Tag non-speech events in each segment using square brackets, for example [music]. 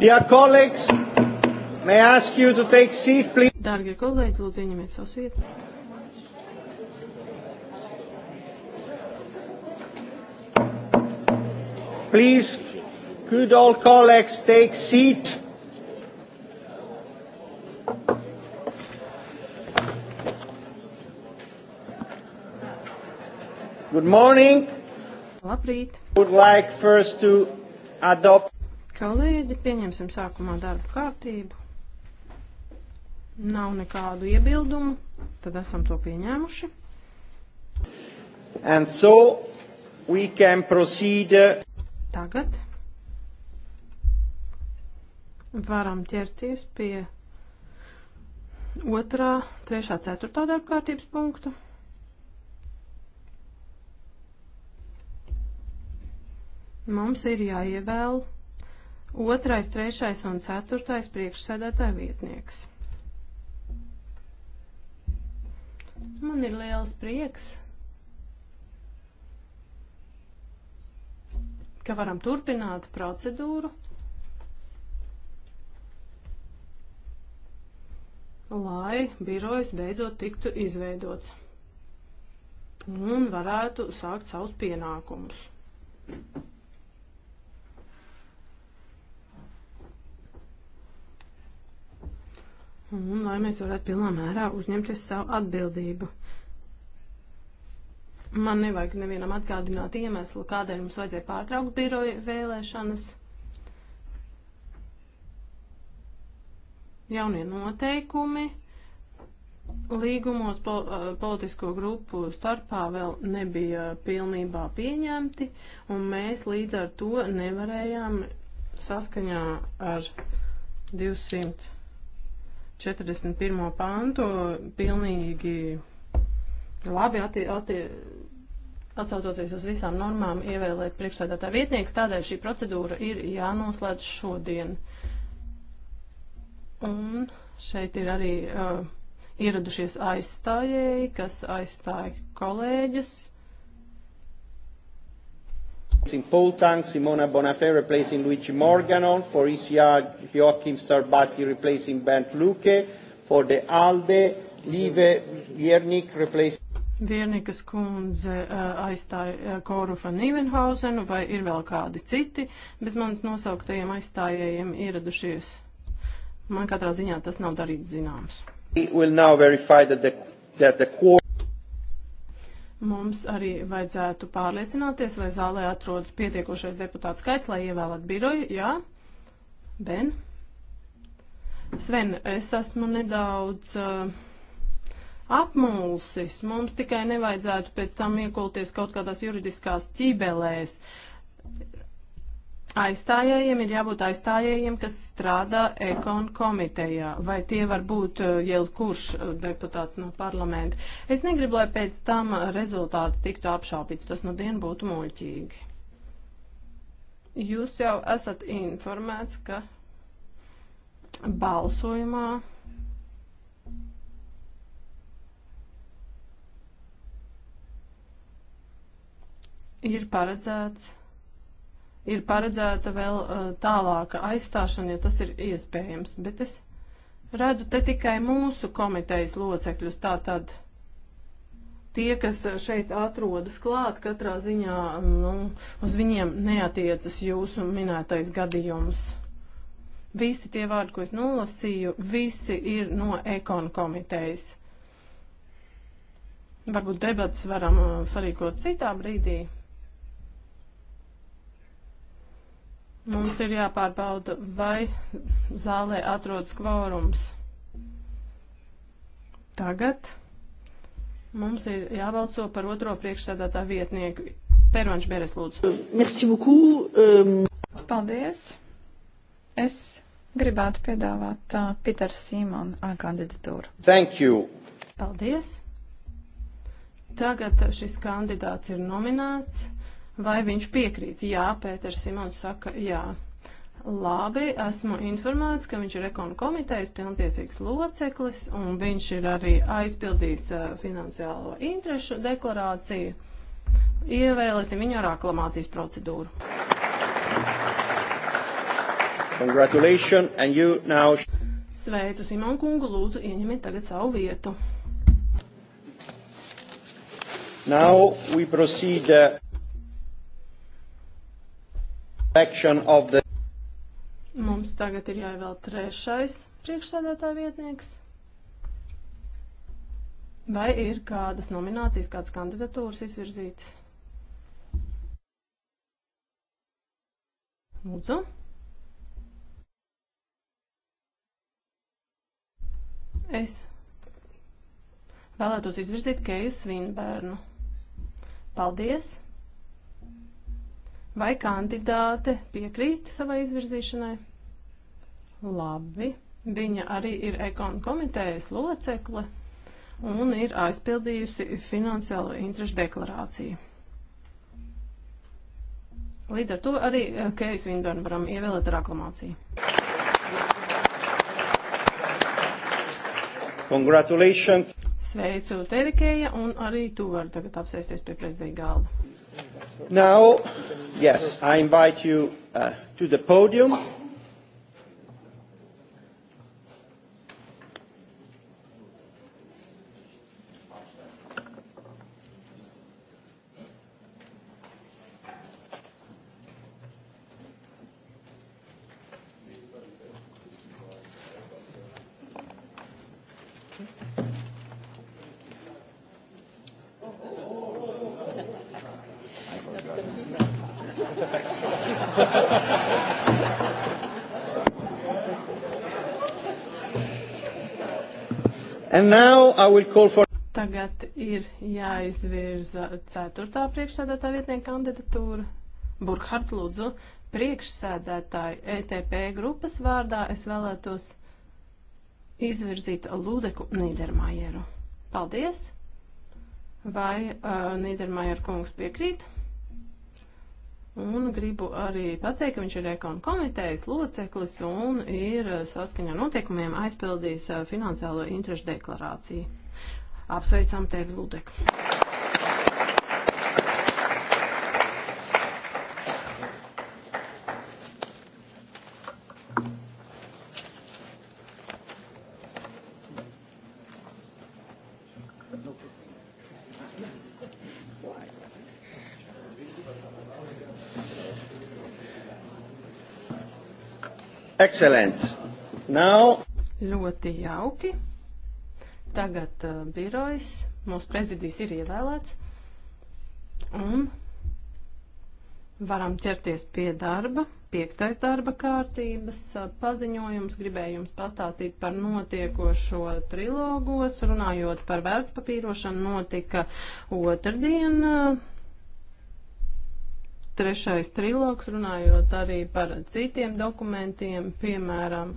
Dear colleagues, may I ask you to take seat, please? Dārgie kolēģi, lūdzu, ieņemiet savas vietas. Please, could all colleagues take seat? Good morning. Labrīt. Would like first to adopt Kolēģi, pieņemsim sākumā darba kārtību. Nav nekādu iebildumu, tad esam to pieņēmuši. And so we can proceed. Uh, Tagad varam ķerties pie otrā, trešā, ceturtā darba kārtības punktu. Mums ir jāievēl. Ja Otrais, trešais un ceturtais priekšsēdētāja vietnieks. Man ir liels prieks, ka varam turpināt procedūru. lai birojas beidzot tiktu izveidots un varētu sākt savus pienākumus. un lai mēs varētu pilnā mērā uzņemties savu atbildību. Man nevajag nevienam atgādināt iemeslu, kādēļ mums vajadzēja pārtraukt biroja vēlēšanas. Jaunie noteikumi līgumos pol eh, politisko grupu starpā vēl nebija pilnībā pieņemti, un mēs līdz ar to nevarējām saskaņā ar 200. 41. pantu pilnīgi labi attie, attie, atsaucoties uz visām normām ievēlēt priekšsēdētā vietnieks, tādēļ šī procedūra ir jānoslēdz šodien. Un šeit ir arī uh, ieradušies aizstājēji, kas aizstāja kolēģus. Uh, Paul Tang, Simona Bonafè replacing Luigi Morgano, for ECR Joachim Sarbatti replacing Bernd Luke, for the ALDE Lieve Viernik replacing. Viernikas kundze uh, aizstāja uh, Koru van Nivenhausenu, vai ir vēl kādi citi bez manas nosauktajiem aizstājējiem ieradušies. Man katrā ziņā tas nav darīts zināms. That the, that the Mums arī vajadzētu pārliecināties, vai zālē atrodas pietiekošais deputāts skaits, lai ievēlētu biroju. Jā, Ben. Sven, es esmu nedaudz uh, apmulsis. Mums tikai nevajadzētu pēc tam iekulties kaut kādās juridiskās ķībelēs. Aizstājējiem ir jābūt aizstājējiem, kas strādā ekonu komitejā, vai tie var būt eh, jebkurš eh, deputāts no parlamenta. Es negribu, lai pēc tam rezultāts tiktu apšaupīts, tas nu no dien būtu muļķīgi. Jūs jau esat informēts, ka balsojumā ir paredzēts ir paredzēta vēl uh, tālāka aizstāšana, ja tas ir iespējams. Bet es redzu te tikai mūsu komitejas locekļus. Tātad tie, kas šeit atrodas klāt, katrā ziņā nu, uz viņiem neatiecas jūsu minētais gadījums. Visi tie vārdi, ko es nolasīju, visi ir no ekonu komitejas. Varbūt debats varam uh, sarīkot citā brīdī. Mums ir jāpārbauda, vai zālē atrodas kvorums. Tagad mums ir jābalso par otro priekšsēdētā vietnieku. Pērvanš Beres, lūdzu. Merci beaucoup. Um... Paldies. Es gribētu piedāvāt uh, Piteru Simonu uh, kandidatūru. Thank you. Paldies. Tagad šis kandidāts ir nominēts. Vai viņš piekrīt? Jā, Pēters Simons saka jā. Labi, esmu informēts, ka viņš ir ekonu komitejas pilntiesīgs loceklis un viņš ir arī aizpildījis uh, finansiālo interešu deklarāciju. Ievēlēsim viņu ar aklamācijas procedūru. Congratulations, and you now... Sveicu Simon kungu, lūdzu ieņemiet tagad savu vietu. Now we proceed. Uh... The... Mums tagad ir jāievēl trešais priekšsēdētāja vietnieks. Vai ir kādas nominācijas, kādas kandidatūras izvirzītas? Lūdzu. Es vēlētos izvirzīt Keju Svinbērnu. Paldies! Vai kandidāte piekrīt savai izvirzīšanai? Labi. Viņa arī ir ekonu komitejas locekle un ir aizpildījusi finansiālo interešu deklarāciju. Līdz ar to arī eh, Keijas Vindornu varam ievēlēt ar aklamāciju. Congratulations! Sveicu Terikēja un arī tu vari tagad apsēsties pie prezidenta galda. Now, yes, I invite you uh, to the podium. For... Tagad ir jāizvirza ceturtā priekšsēdētā vietnieka kandidatūra. Burkhardt lūdzu, priekšsēdētāju ETP grupas vārdā es vēlētos izvirzīt Lūdeku Nīdermajeru. Paldies! Vai uh, Nīdermajer kungs piekrīt? Un gribu arī pateikt, ka viņš ir ekonomikas komitejas loceklis un ir eh, saskaņā noteikumiem aizpildījis eh, finansiālo interešu deklarāciju. Apsveicam tevi, Ludek! Excellent. Now... Ļoti jauki. Tagad uh, birojs, mūsu prezidijs ir ievēlēts. Un varam ķerties pie darba. Piektais darba kārtības uh, paziņojums gribēju jums pastāstīt par notiekošo trilogos, runājot par vērtspapīrošanu notika otrdien. Uh, trešais triloks, runājot arī par citiem dokumentiem, piemēram,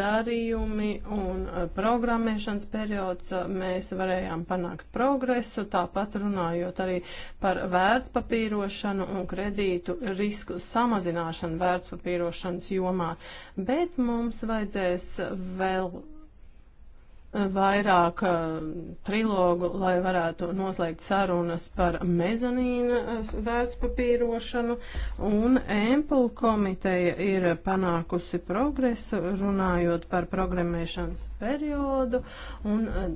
darījumi un eh, programmēšanas periods, eh, mēs varējām panākt progresu, tāpat runājot arī par vērtspapīrošanu un kredītu risku samazināšanu vērtspapīrošanas jomā. Bet mums vajadzēs vēl vairāk eh, trilogu, lai varētu noslēgt sarunas par mezanīna eh, vērtspapīrošanu, un Empel komiteja ir panākusi progresu, runājot par programmēšanas periodu, un eh,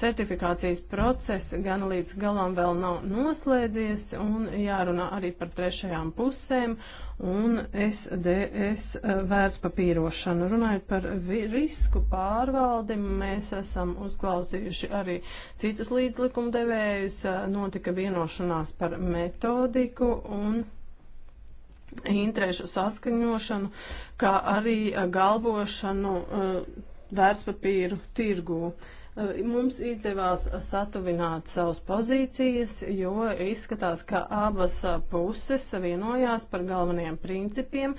Certifikācijas process gan līdz galam vēl nav noslēdzies un jārunā arī par trešajām pusēm un SDS eh, vērtspapīrošanu. Runājot par risku pārvaldi, mēs esam uzklausījuši arī citus līdzlikumdevējus, eh, notika vienošanās par metodiku un interešu saskaņošanu, kā arī galvošanu eh, vērtspapīru tirgū. Uh, Mums izdevās satuvināt savas pozīcijas, jo izskatās, ka abas puses vienojās par galvenajiem principiem,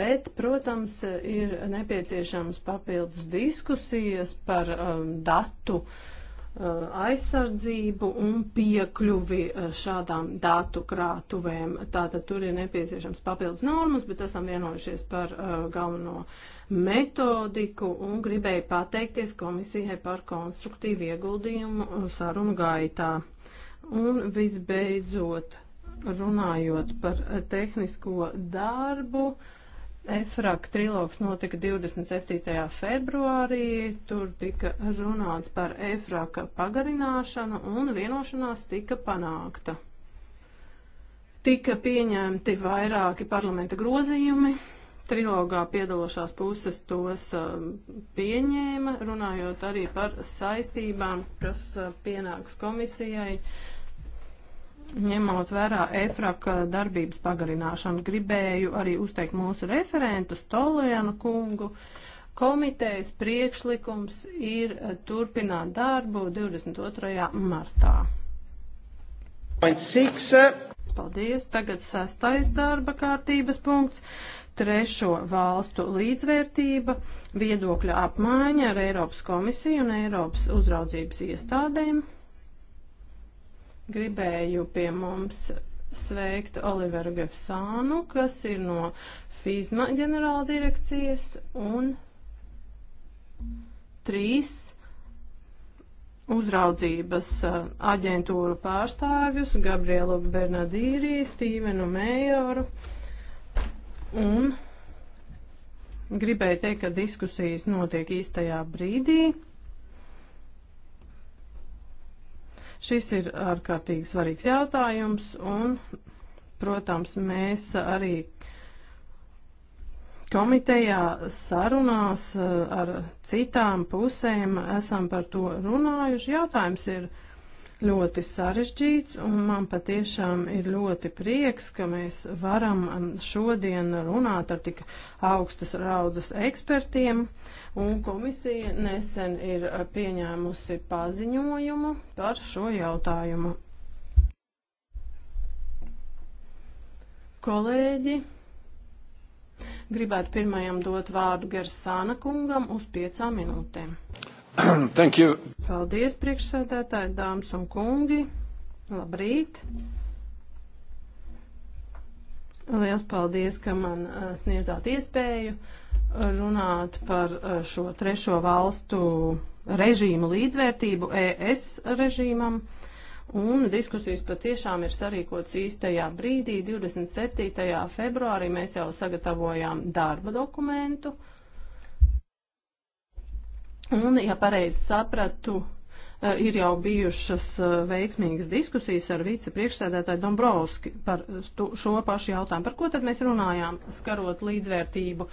bet, protams, ir nepieciešams papildus diskusijas par um, datu uh, Eh, aizsardzību un piekļuvi eh, šādām datu krātuvēm. Tātad tur ir nepieciešams papildus normas, bet esam vienojušies par eh, galveno metodiku un gribēju pateikties komisijai par konstruktīvu ieguldījumu sarunu gaitā. Un visbeidzot, runājot par tehnisko darbu, uh, EFRAK trilogs notika 27. februārī, tur tika runāts par EFRAK pagarināšanu un vienošanās tika panākta. Tika pieņemti vairāki parlamenta grozījumi, trilogā piedalošās puses tos um, pieņēma, runājot arī par saistībām, kas uh, pienāks komisijai ņemot vērā EFRAK darbības pagarināšanu, gribēju arī uzteikt mūsu referentu Stolienu kungu. Komitejas priekšlikums ir eh, turpināt darbu 22. martā. 6. Eh. Paldies. Tagad sastais darba kārtības punkts. Trešo valstu līdzvērtība, viedokļa apmaiņa ar Eiropas komisiju un Eiropas uzraudzības iestādēm gribēju pie mums sveikt Oliveru Gefsānu, kas ir no FIZMA ģenerāla direkcijas un trīs uzraudzības uh, aģentūru pārstāvjus - Gabrielu Bernadīrī, Stīvenu Mējoru un gribēju teikt, ka diskusijas notiek īstajā brīdī. Šis ir ārkārtīgi svarīgs jautājums un, protams, mēs arī komitejā sarunās eh, ar citām pusēm esam par to runājuši. Jautājums ir ļoti sarežģīts, un man patiešām ir ļoti prieks, ka mēs varam um, šodien runāt ar tik augstas raudzes ekspertiem, un komisija nesen ir uh, pieņēmusi paziņojumu par šo jautājumu. Kolēģi, gribētu pirmajam dot vārdu Gersāna kungam uz piecām minūtēm. [clears throat] Thank you. Paldies, priekšsēdētāji, dāmas un kungi. Labrīt. Liels paldies, ka man eh, sniedzāt iespēju runāt par eh, šo trešo valstu režīmu līdzvērtību ES režīmam. Un diskusijas patiešām ir sarīkots īstajā brīdī. 27. februārī mēs jau sagatavojām darba dokumentu. Uh, Un, ja pareizi sapratu, eh, ir jau bijušas eh, veiksmīgas diskusijas ar vicepriekšsēdētāju Dombrovski par eh, šo pašu jautājumu. Par ko tad mēs runājām, skarot līdzvērtību?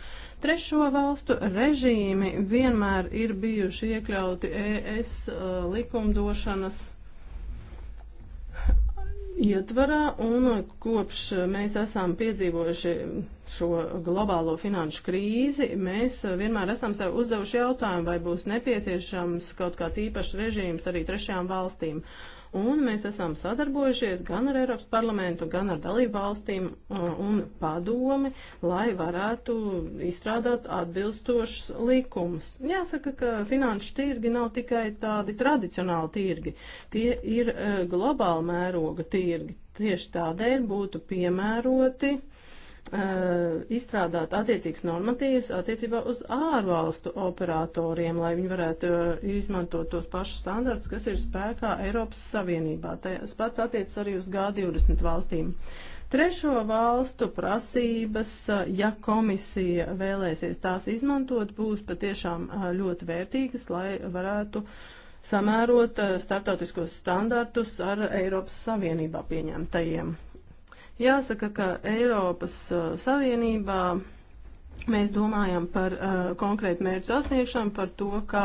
Trešo valstu režīmi vienmēr ir bijuši iekļauti ES likumdošanas ietvarā, un kopš mēs esam piedzīvojuši šo globālo finanšu krīzi, mēs vienmēr esam sev uzdevuši jautājumu, vai būs nepieciešams kaut kāds īpašs režīms arī trešajām valstīm. Un mēs esam sadarbojušies gan ar Eiropas parlamentu, gan ar dalību valstīm uh, un padomi, lai varētu izstrādāt atbilstošs likums. Jāsaka, ka finanšu tirgi nav tikai tādi tradicionāli tirgi, tie ir uh, globāla mēroga tirgi. Tieši tādēļ būtu piemēroti Uh, izstrādāt attiecīgas normatīvas attiecībā uz ārvalstu operatoriem, lai viņi varētu uh, izmantot tos pašus standartus, kas ir spēkā Eiropas Savienībā. Tas pats attiecas arī uz G20 valstīm. Trešo valstu prasības, uh, ja komisija vēlēsies tās izmantot, būs patiešām ļoti vērtīgas, lai varētu samērot startautiskos standartus ar Eiropas Savienībā pieņemtajiem. Jāsaka, ka Eiropas Savienībā mēs domājam par uh, konkrētu mērķu sasniegšanu, par to, kā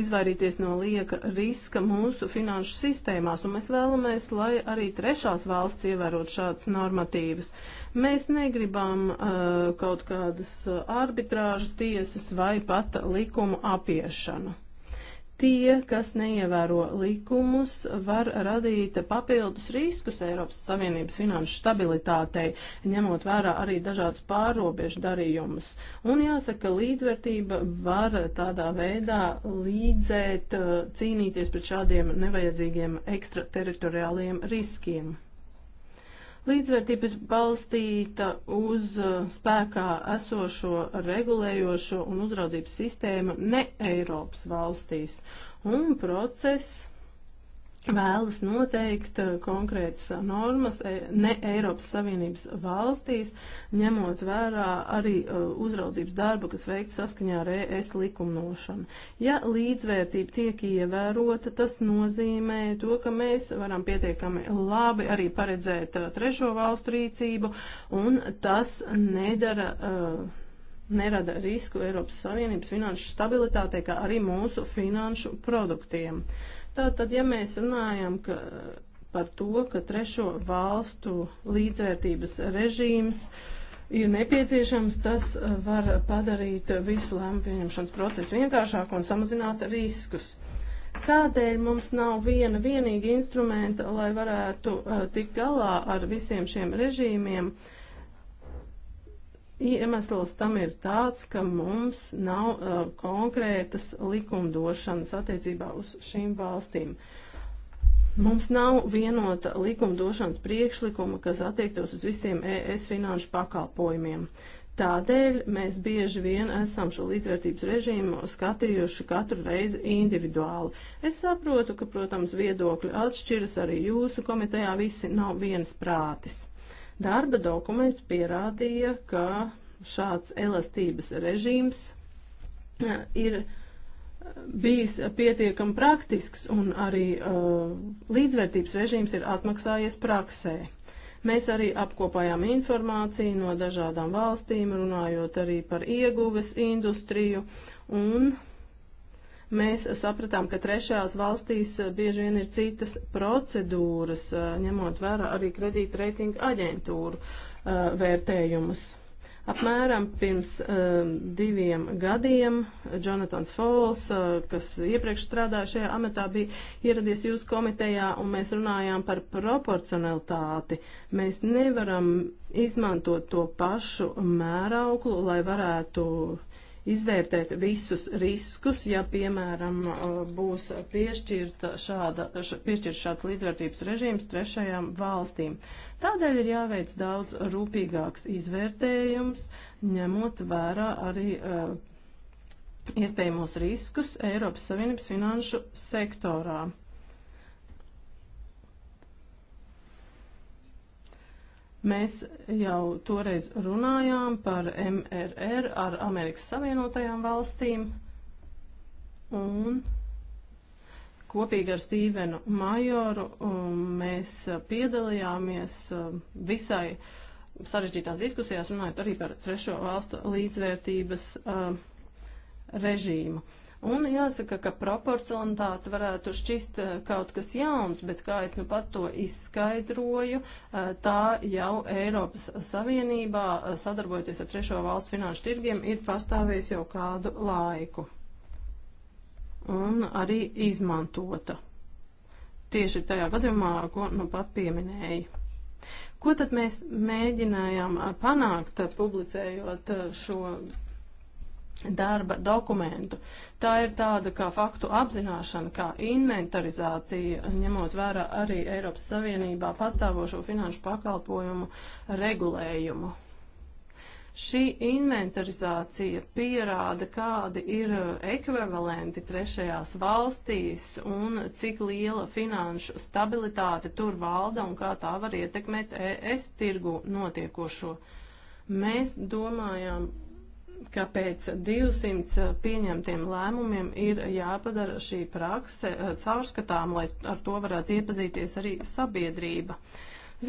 izvairīties no lieka riska mūsu finanšu sistēmās, un mēs vēlamies, lai arī trešās valsts ievērot šādas normatīvas. Mēs negribam uh, kaut kādas arbitrāžas tiesas vai pat likumu apiešanu. Tie, kas neievēro likumus, var radīt papildus riskus Eiropas Savienības finanšu stabilitātei, ņemot vērā arī dažādus pārobežu darījumus. Un jāsaka, ka līdzvērtība var tādā veidā līdzēt eh, cīnīties pret šādiem nevajadzīgiem ekstrateritoriāliem riskiem. Līdzvērtība ir balstīta uz uh, spēkā esošo regulējošo un uzraudzības sistēmu ne Eiropas valstīs, un process vēlas noteikt eh, konkrētas eh, normas eh, ne Eiropas Savienības valstīs, ņemot vērā arī uzraudzības darbu, kas veikts saskaņā ar ES likumnošanu. Ja līdzvērtība tiek ievērota, tas nozīmē to, ka mēs varam pietiekami labi arī paredzēt trešo valstu rīcību, un tas nedara. Uh, nerada risku Eiropas Savienības finanšu stabilitātei, kā arī mūsu finanšu produktiem. Uh, Tātad, ja mēs runājam ka, par to, ka trešo valstu līdzvērtības režīms ir nepieciešams, tas eh, var padarīt visu lēmu pieņemšanas procesu vienkāršāku un samazināt riskus. Kādēļ mums nav viena vienīga instrumenta, lai varētu uh, tikt galā ar visiem šiem režīmiem? Uh, Iemesls tam ir tāds, ka mums nav uh, konkrētas likumdošanas attiecībā uz šīm valstīm. Mums nav vienota likumdošanas priekšlikuma, kas attiektos uz visiem ES finanšu pakalpojumiem. Tādēļ mēs bieži vien esam šo līdzvērtības režīmu skatījuši katru reizi individuāli. Es saprotu, ka, protams, viedokļi atšķiras arī jūsu komitejā, visi nav viens prātis. Darba dokuments pierādīja, ka šāds elastības režīms eh, ir eh, bijis pietiekami praktisks un arī uh, līdzvērtības režīms ir atmaksājies praksē. Mēs arī apkopājām informāciju no dažādām valstīm, runājot arī par ieguves industriju, un mēs sapratām, ka trešajās valstīs eh, bieži vien ir citas procedūras, eh, ņemot vērā arī kredīta reitinga aģentūru eh, vērtējumus. Apmēram pirms um, diviem gadiem Jonatans Fols, uh, kas iepriekš strādāja šajā amatā, bija ieradies jūsu komitejā un mēs runājām par proporcionalitāti. Mēs nevaram izmantot to pašu mērauklu, lai varētu uh, izvērtēt visus riskus, ja, piemēram, uh, būs piešķirta šāda, piešķirt šāds līdzvērtības režīms trešajām valstīm. Tādēļ ir jāveic daudz rūpīgāks izvērtējums, ņemot vērā arī uh, iespējamos riskus Eiropas Savienības finanšu sektorā. Mēs jau toreiz runājām par MRR ar Amerikas Savienotajām valstīm un kopīgi ar Stīvenu Majoru um, mēs piedalījāmies um, visai sarežģītās diskusijās, runājot arī par trešo valstu līdzvērtības um, režīmu. Un jāsaka, ka proporcionalitāte varētu šķist eh, kaut kas jauns, bet kā es nu pat to izskaidroju, eh, tā jau Eiropas Savienībā eh, sadarbojoties ar trešo valstu finanšu tirgiem ir pastāvējis jau kādu laiku. Un arī izmantota. Tieši tajā gadījumā, ko nu pat pieminēju. Ko tad mēs mēģinājām panākt, publicējot šo darba dokumentu. Tā ir tāda kā faktu apzināšana, kā inventarizācija, ņemot vērā arī Eiropas Savienībā pastāvošo finanšu pakalpojumu regulējumu. Šī inventarizācija pierāda, kādi ir ekvivalenti trešajās valstīs un cik liela finanšu stabilitāte tur valda un kā tā var ietekmēt ES tirgu notiekošo. Mēs domājām ka pēc 200 eh, pieņemtiem lēmumiem ir jāpadara šī prakse eh, caurskatām, lai ar to varētu iepazīties arī sabiedrība.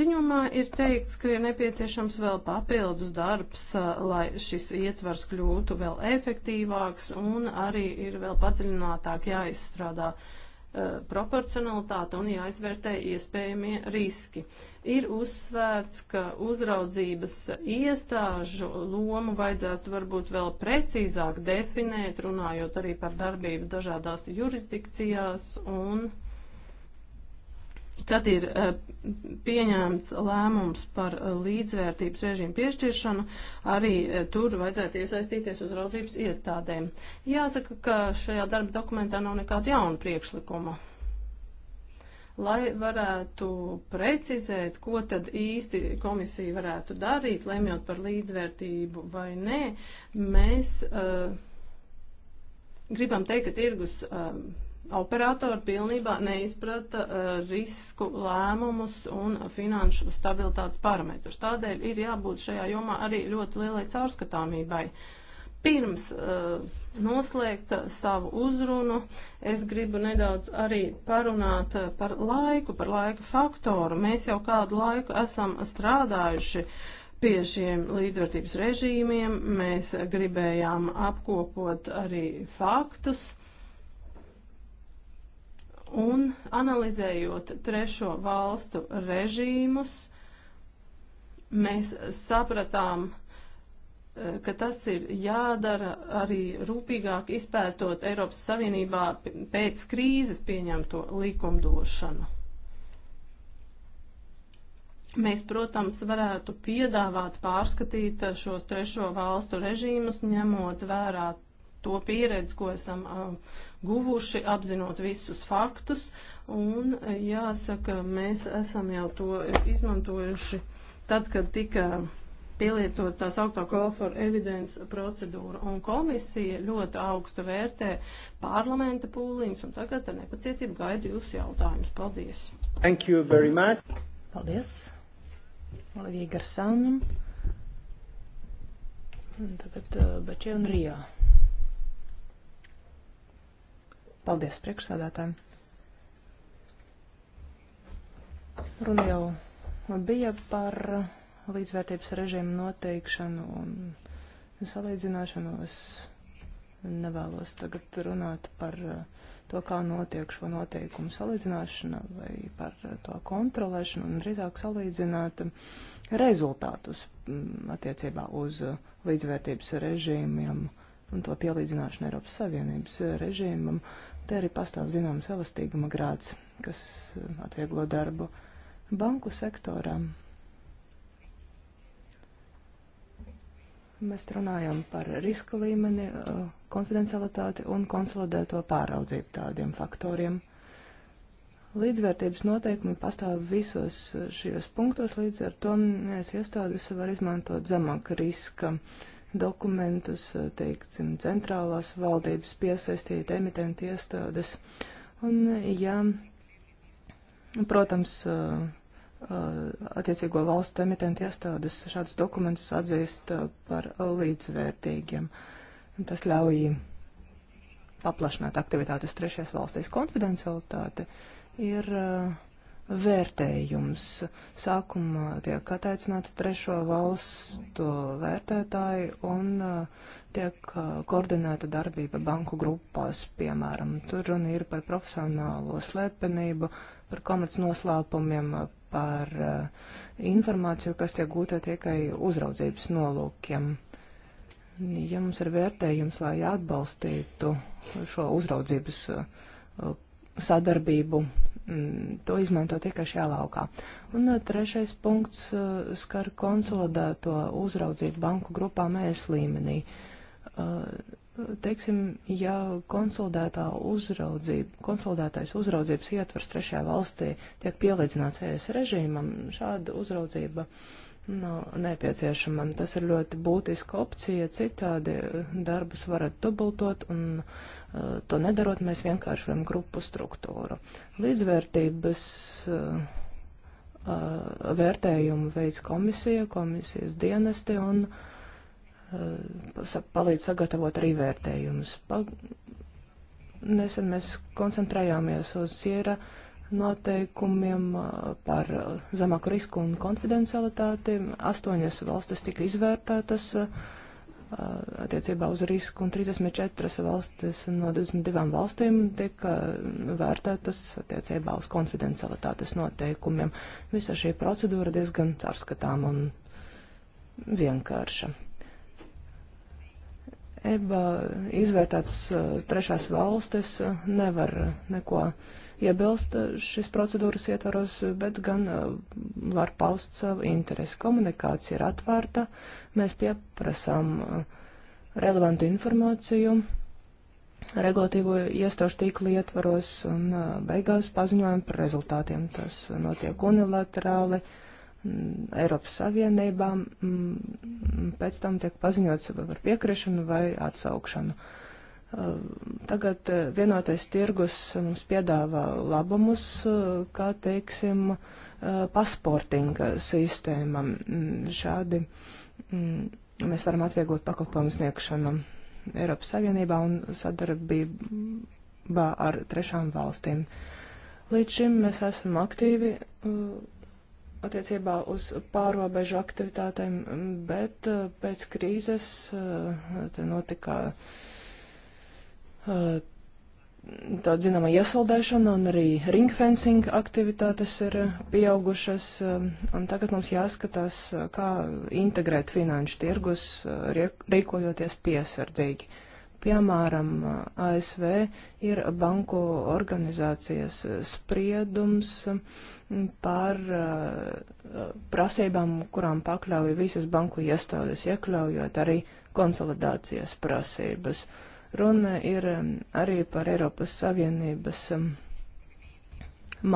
Ziņumā ir teikts, ka ir nepieciešams vēl papildus darbs, eh, lai šis ietvars kļūtu vēl efektīvāks un arī ir vēl padziļinātāk jāizstrādā Eh, proporcionalitāte un jāizvērtē iespējamie riski. Ir uzsvērts, ka uzraudzības iestāžu lomu vajadzētu varbūt vēl precīzāk definēt, runājot arī par darbību dažādās jurisdikcijās un uh, kad ir eh, pieņēmts lēmums par eh, līdzvērtības režīmu piešķiršanu, arī eh, tur vajadzētu iesaistīties uzraudzības iestādēm. Jāsaka, ka šajā darba dokumentā nav nekāda jauna priekšlikuma. Lai varētu precizēt, ko tad īsti komisija varētu darīt, lemjot par līdzvērtību vai nē, mēs uh, gribam teikt, ka tirgus uh, operatori pilnībā neizprata uh, risku lēmumus un finanšu stabilitātes parametrus. Tādēļ ir jābūt šajā jomā arī ļoti lielai caurskatāmībai. Pirms uh, noslēgt savu uzrunu, es gribu nedaudz arī parunāt uh, par laiku, par laika faktoru. Mēs jau kādu laiku esam strādājuši uh, pie šiem līdzvērtības režīmiem. Mēs gribējām apkopot arī faktus un analizējot trešo valstu režīmus, mēs sapratām, e, ka tas ir jādara arī rūpīgāk izpētot Eiropas Savienībā pēc krīzes pieņemto likumdošanu. Mēs, protams, varētu piedāvāt pārskatīt šos trešo valstu režīmus, ņemot vērā to pieredzi, ko esam uh, guvuši, apzinot visus faktus, un e, jāsaka, mēs esam jau to izmantojuši tad, kad tika pielietot tās augstā call for evidence procedūru, un komisija ļoti augstu vērtē parlamenta pūliņus, un tagad ar nepacietību gaidu jūs jautājumus. Paldies! Thank you very much! Paldies! Olivija Garsānam. Tagad uh, Bečē un Rijā. Paldies priekšsādātājiem. Runa jau bija par līdzvērtības režīmu noteikšanu un salīdzināšanu. Es nevēlos tagad runāt par uh, to, kā notiek šo noteikumu salīdzināšana vai par uh, to kontrolēšanu un drīzāk salīdzināt um, rezultātus mm, attiecībā uz uh, līdzvērtības režīmiem un to pielīdzināšanu Eiropas Savienības režīmam. Uh, Te arī pastāv zināms elastīguma grāds, kas eh, atvieglo darbu banku sektorā. Mēs runājam par riska līmeni, eh, konfidencialitāti un konsolidēto pāraudzību tādiem faktoriem. Līdzvērtības noteikumi pastāv visos eh, šajos punktos, līdz ar to mēs iestādes var izmantot zemāka riska uh, dokumentus, eh, teiksim, centrālās valdības piesaistīt emitenti iestādes. Un, eh, ja, protams, eh, attiecīgo valstu emitenti iestādes šādus dokumentus atzīst par līdzvērtīgiem. Tas ļauj paplašināt aktivitātes trešajās valstīs. Konfidencialitāte ir uh, vērtējums. Sākumā tiek attaicināti trešo valstu vērtētāji un uh, tiek uh, koordinēta darbība banku grupās, piemēram. Tur runa ir par profesionālo slēpenību, par komerc noslēpumiem, par uh, informāciju, kas tiek gūta tikai uzraudzības nolūkiem. Ja mums ir vērtējums, lai atbalstītu šo uzraudzības sadarbību Mm, to izmanto tikai šajā laukā. Un uh, trešais punkts uh, skar konsolidēto uzraudzību banku grupām ES līmenī. Uh, teiksim, ja konsolidētā uzraudzība, konsolidētais uzraudzības ietvers trešajā valstī tiek pielīdzināts ES režīmam, šāda uzraudzība uh, nav nepieciešama. Tas ir ļoti būtiska opcija, citādi eh, darbus varat dubultot, un uh, to nedarot mēs vienkāršojam grupu struktūru. Līdzvērtības uh, uh, vērtējumu veids komisija, komisijas dienesti, un uh, palīdz sagatavot arī vērtējumus. Pa... Nesen mēs koncentrējāmies uz siera. Uh, noteikumiem par zemāku risku un konfidencialitāti. Astoņas valstis tika izvērtētas attiecībā uz risku, un 34 valstis no 22 valstīm tika vērtētas attiecībā uz konfidencialitātes noteikumiem. Visa šī procedūra diezgan cārskatām un vienkārša. EBA izvērtētas trešās valstis nevar neko izdarīt iebilst eh, šis procedūras ietvaros, eh, bet gan eh, var paust savu interesi. Komunikācija ir atvērta, mēs pieprasām relevantu informāciju regulatīvo iestāžu tīkla ietvaros un beigās paziņojam par rezultātiem. Tas notiek unilaterāli. Mm, Eiropas Savienībām mm, pēc tam tiek paziņots par piekrišanu vai atsaukšanu. Uh, Ehm, tagad eh, vienotais tirgus mums piedāvā labumus, eh, kā teiksim, eh, pasportinga sistēmam. Mm, šādi mm, mēs varam atvieglot pakalpojumu sniegšanu Eiropas Savienībā un sadarbībā ar trešām valstīm. Līdz šim mēs esam aktīvi attiecībā uz pārobežu aktivitātēm, mm, bet pēc krīzes te notika tā zināmā iesaldēšana un arī ringfencing aktivitātes ir pieaugušas. Un tagad mums jāskatās, kā integrēt finanšu tirgus, rīkojoties piesardzīgi. Piemēram, ASV ir banku organizācijas spriedums par prasībām, kurām pakļauja visas banku iestādes, iekļaujot arī konsolidācijas prasības. Uh, Runa ir um, arī par Eiropas Savienības um,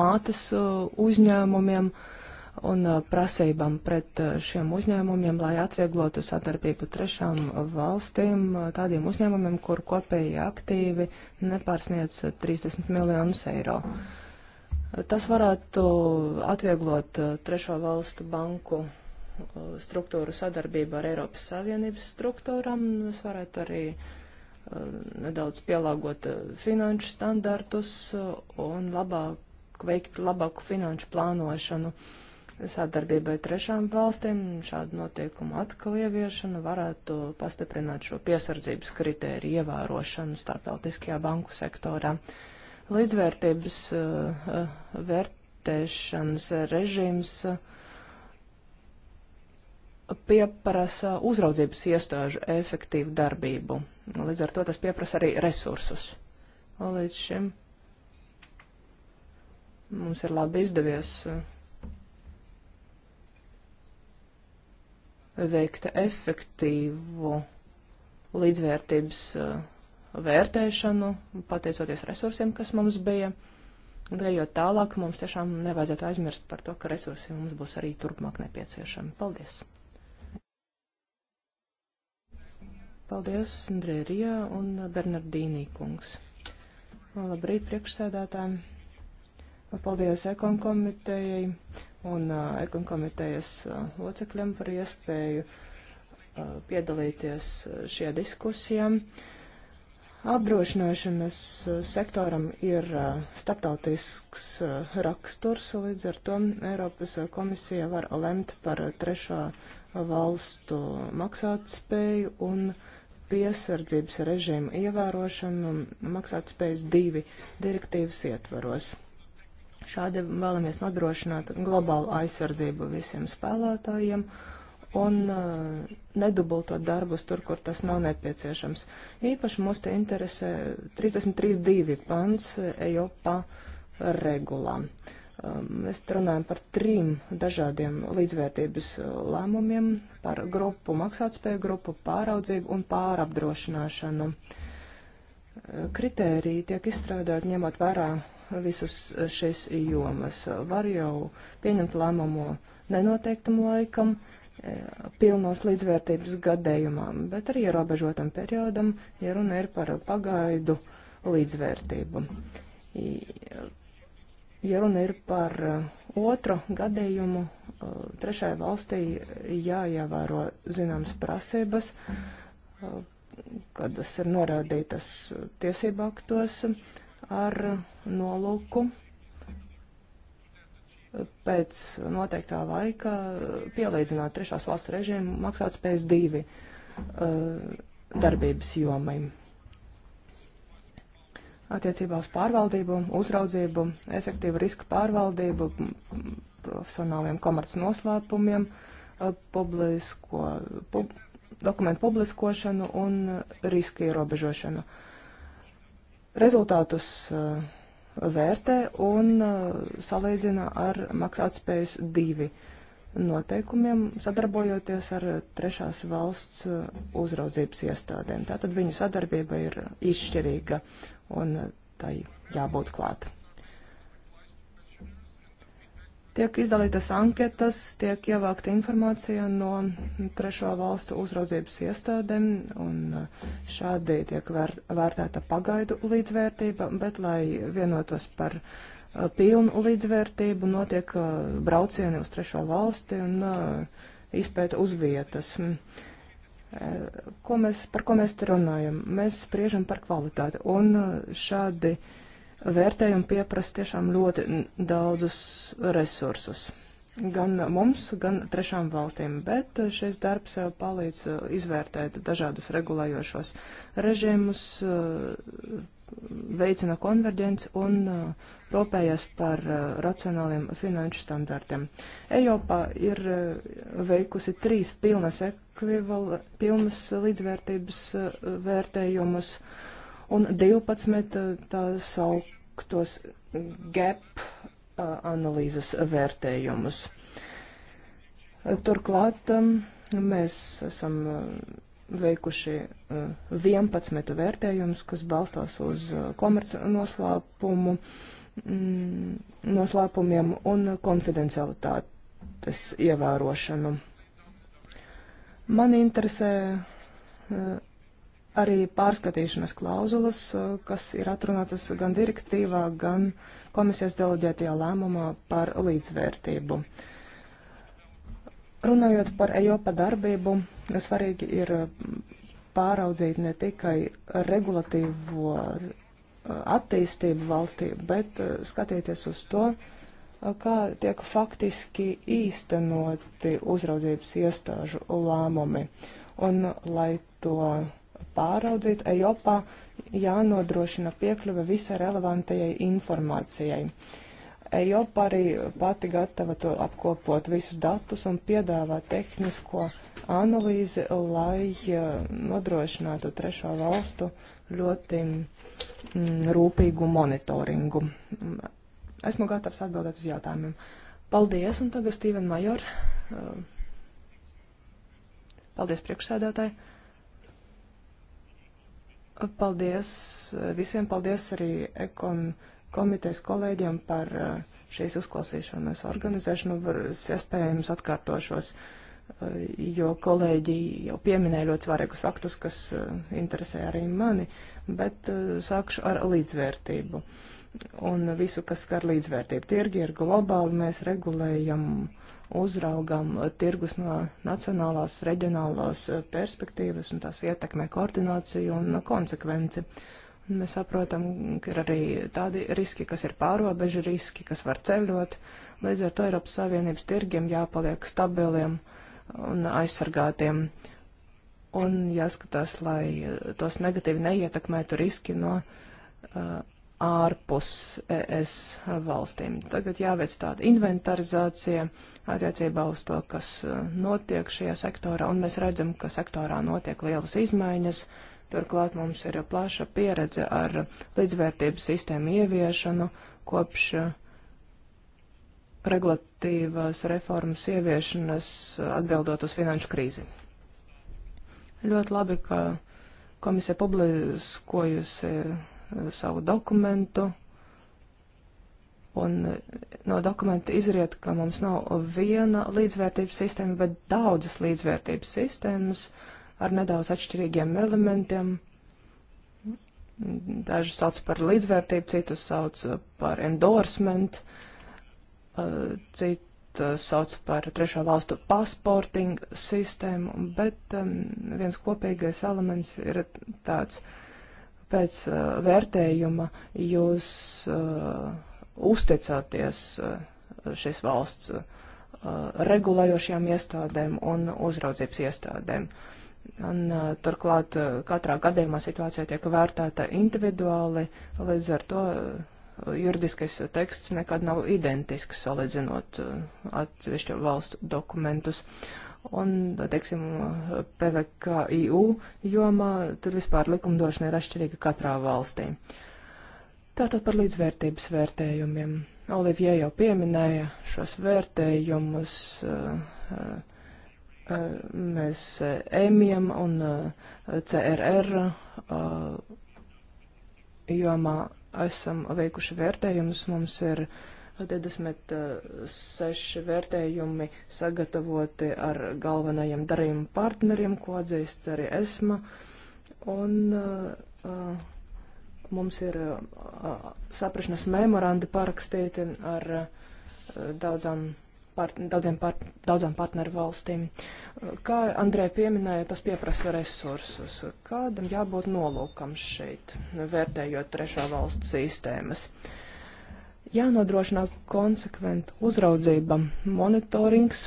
mātes uh, uzņēmumiem un uh, prasībām pret uh, šiem uzņēmumiem, lai atvieglotu sadarbību trešām valstīm, tādiem uzņēmumiem, kur kopēji aktīvi nepārsniec 30 miljonus eiro. Tas varētu atvieglot trešo valstu banku struktūru sadarbību ar Eiropas Savienības struktūram. Es varētu arī uh, nedaudz pielāgot eh, finanšu standartus eh, un labāk veikt labāku finanšu plānošanu sadarbībai trešām valstīm. Šādu notiekumu atkal ieviešana varētu pastiprināt šo piesardzības kritēriju ievērošanu starptautiskajā banku sektorā. Līdzvērtības eh, vērtēšanas režīms uh, pieprasa uzraudzības iestāžu efektīvu darbību. Līdz ar to tas pieprasa arī resursus. Līdz šim mums ir labi izdevies eh, veikt efektīvu līdzvērtības eh, vērtēšanu, pateicoties resursiem, kas mums bija. Gājot tālāk, mums tiešām nevajadzētu aizmirst par to, ka resursi mums būs arī turpmāk nepieciešami. Paldies! Paldies, Andrija Rijā un Bernardīnī kungs. Labrīt, priekšsēdētājiem. Paldies Ekon komitejai un uh, Ekon komitejas uh, locekļiem par iespēju uh, piedalīties šajā diskusijā. Apdrošināšanas sektoram ir starptautisks raksturs, līdz ar to Eiropas komisija var lemt par trešā valstu maksātspēju un uh, piesardzības režīmu ievērošanu maksātspējas divi direktīvas ietvaros. Šādi vēlamies nodrošināt globālu aizsardzību visiem spēlētājiem un uh, nedubultot darbus tur, kur tas nav nepieciešams. Īpaši mūs te interesē 33.2 pants EIOPA regulā. Uh, Um, mēs runājam par trim dažādiem līdzvērtības uh, lēmumiem - par grupu maksātspēju, grupu pāraudzību un pārapdrošināšanu. Uh, kritēriji tiek izstrādāti ņemot vērā visus uh, šīs jomas. Var jau pieņemt lēmumu nenoteiktam laikam, pilnos līdzvērtības gadējumam, bet arī ierobežotam periodam, ja runa ir par pagaidu līdzvērtību Ja runa ir par uh, otru gadījumu, uh, trešajai valstī jāievēro zināmas prasības, uh, kādas ir norādītas tiesību aktos ar nolūku pēc noteiktā laika pielīdzināt trešās valsts režīmu maksātspējas divi darbības jomai attiecībā uz pārvaldību, uzraudzību, efektīvu riska pārvaldību, profesionāliem komerces noslēpumiem, eh, publisko, pub, dokumentu publiskošanu un eh, riska ierobežošanu. Rezultātus eh, vērtē un salīdzina ar maksātspējas divi noteikumiem, sadarbojoties ar trešās valsts uzraudzības iestādēm. Tātad viņu sadarbība ir izšķirīga un tai jābūt klāt. Tiek izdalītas anketas, tiek ievākta informācija no trešo valstu uzraudzības iestādēm, un šādi tiek vēr, vērtēta pagaidu līdzvērtība, bet, lai vienotos par uh, pilnu līdzvērtību, notiek uh, braucieni uz trešo valsti un uh, izpēta uz vietas. Uh, Ko mēs, par ko mēs te runājam? Mēs spriežam par kvalitāti, un uh, šādi vērtējumi pieprasa tiešām ļoti daudzus resursus. Gan mums, gan trešām valstīm, bet uh, šis darbs uh, palīdz izvērtēt dažādus regulējošos režīmus, veicina konverģenci un uh, rūpējas par uh, racionāliem finanšu standartiem. Eiropā ir uh, veikusi trīs pilnas, ekvival, pilnas līdzvērtības uh, vērtējumus un 12 uh, tā sauktos gap uh, analīzes vērtējumus. Turklāt um, mēs esam veikuši 11 eh, vērtējumus, kas balstās uz eh, komerc noslēpumu, mm, noslēpumiem un konfidencialitātes ievērošanu. Man interesē eh, arī pārskatīšanas klauzulas, kas ir atrunātas gan direktīvā, gan komisijas deleģētajā lēmumā par līdzvērtību. Uh, Runājot par EIOPA darbību, svarīgi ir mm, pāraudzīt ne tikai regulatīvo mm, attīstību valstī, bet mm, skatīties uz to, kā tiek faktiski īstenoti uzraudzības iestāžu lēmumi. Un, lai to pāraudzītu, EIOPA jānodrošina piekļuve visai relevantajai informācijai. Uh, Eiropa arī pati gatava to apkopot visus datus un piedāvā tehnisko analīzi, lai eh, nodrošinātu trešo valstu ļoti mm, rūpīgu monitoringu. Mm, esmu gatavs atbildēt uz jautājumiem. Paldies, un tagad Stīven Major. Eh, paldies priekšsēdētāji. Paldies eh, visiem, paldies arī ekonu komitejas kolēģiem par eh, šīs uzklausīšanas organizēšanu. Es iespējams atkārtošos, eh, jo kolēģi jau pieminēja ļoti svarīgus faktus, kas eh, interesē arī mani, bet sākšu ar līdzvērtību. Un visu, kas skar līdzvērtību. Tirgi ir globāli, mēs regulējam, uzraugam tirgus no nacionālās, reģionālās perspektīvas, un tas ietekmē koordināciju un konsekvenci. Uh, Mēs saprotam, ka ir arī tādi riski, kas ir pārobežu riski, kas var ceļot. Līdz ar to Eiropas Savienības tirgiem jāpaliek stabiliem un aizsargātiem. Un jāskatās, lai tos negatīvi neietekmētu riski no uh, ārpus ES valstīm. Tagad jāveic tāda inventarizācija attiecībā uz to, kas uh, notiek šajā sektorā, un mēs redzam, ka sektorā notiek lielas izmaiņas. Uh, Turklāt mums ir plaša pieredze ar līdzvērtības sistēmu ieviešanu kopš uh, regulatīvās reformas ieviešanas uh, atbildot uz finanšu krīzi. Ļoti labi, ka komisija publiskojusi uh, savu dokumentu, un no dokumenta izriet, ka mums nav viena līdzvērtības sistēma, bet daudzas līdzvērtības sistēmas, uh, ar nedaudz atšķirīgiem elementiem. Daži sauc par līdzvērtību, citus sauc par endorsement, citus sauc par trešo valstu pasporting sistēmu, bet um, viens kopīgais elements ir tāds pēc uh, vērtējuma jūs uh, uzticāties uh, šis valsts regulējošajām iestādēm un uzraudzības iestādēm. Uh, Un, uh, turklāt uh, katrā gadījumā situācija tiek vērtēta individuāli, līdz ar to uh, juridiskais teksts nekad nav identisks salīdzinot uh, atsevišķu valstu dokumentus. Un, teiksim, PVKIU jomā tur vispār likumdošana ir atšķirīga katrā valstī. Tātad par līdzvērtības vērtējumiem. Olivie jau pieminēja šos vērtējumus. Uh, uh, mēs ēmiem un CRR jomā esam veikuši vērtējumus. Mums ir 26 vērtējumi sagatavoti ar galvenajiem darījumu partneriem, ko atzīst arī ESMA. Un uh, mums ir uh, saprašanas memorandi parakstīti ar uh, daudzām par, daudziem par, daudzām partneru valstīm. Kā Andrē pieminēja, tas pieprasa resursus. Kādam jābūt nolūkam šeit, vērtējot trešo valstu sistēmas? Jānodrošinā konsekventa uzraudzība, monitorings.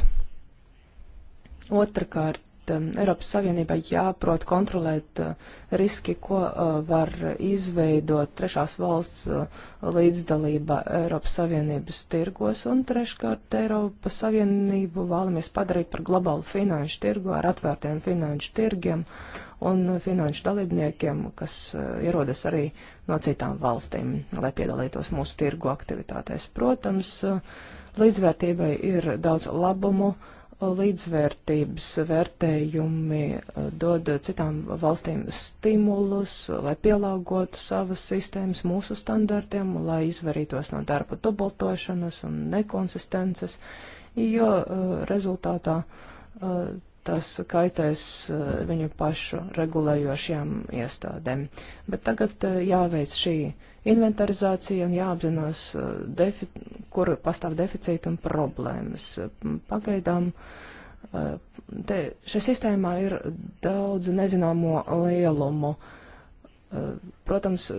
Otrakārt, bet um, Eiropas Savienībai jāprot kontrolēt uh, riski, ko uh, var izveidot trešās valsts uh, līdzdalība Eiropas Savienības tirgos, un treškārt Eiropas Savienību vēlamies padarīt par globālu finanšu tirgu ar atvērtiem finanšu tirgiem un finanšu dalībniekiem, kas uh, ierodas arī no citām valstīm, lai piedalītos mūsu tirgu aktivitātēs. Protams, uh, līdzvērtībai ir daudz labumu. Uh, līdzvērtības vērtējumi eh, dod citām valstīm stimulus, lai pielāgotu savas sistēmas mūsu standartiem, lai izvarītos no darba dubultošanas un nekonsistences, jo eh, rezultātā eh, tas kaitēs eh, viņu pašu regulējošajām iestādēm. Bet tagad eh, jāveic šī inventarizācija un jāapzinās, eh, defi, kur pastāv deficīti un problēmas. Pagaidām te, šajā sistēmā ir daudz nezināmo lielumu. Protams,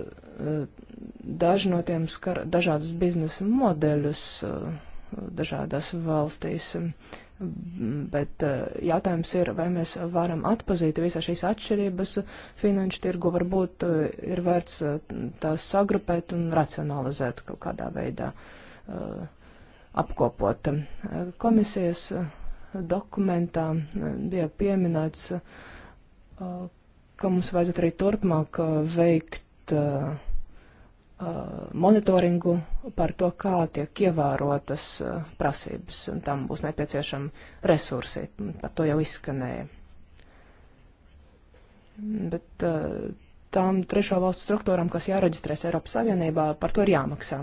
daži no tiem skar dažādus biznesa modeļus dažādās valstīs Bet eh, jautājums ir, vai mēs varam atpazīt visas šīs atšķirības finanšu tirgu, varbūt eh, ir vērts eh, tās sagrupēt un racionalizēt kaut kādā veidā, apkopot. Komisijas dokumentā bija pieminēts, ka mums vajadzētu arī turpmāk veikt Uh, monitoringu par to, kā tiek ievērotas uh, prasības, un tam būs nepieciešami resursi. Par to jau izskanēja. Bet uh, tām trešo valstu struktūram, kas jāreģistrēs Eiropas Savienībā, par to ir jāmaksā.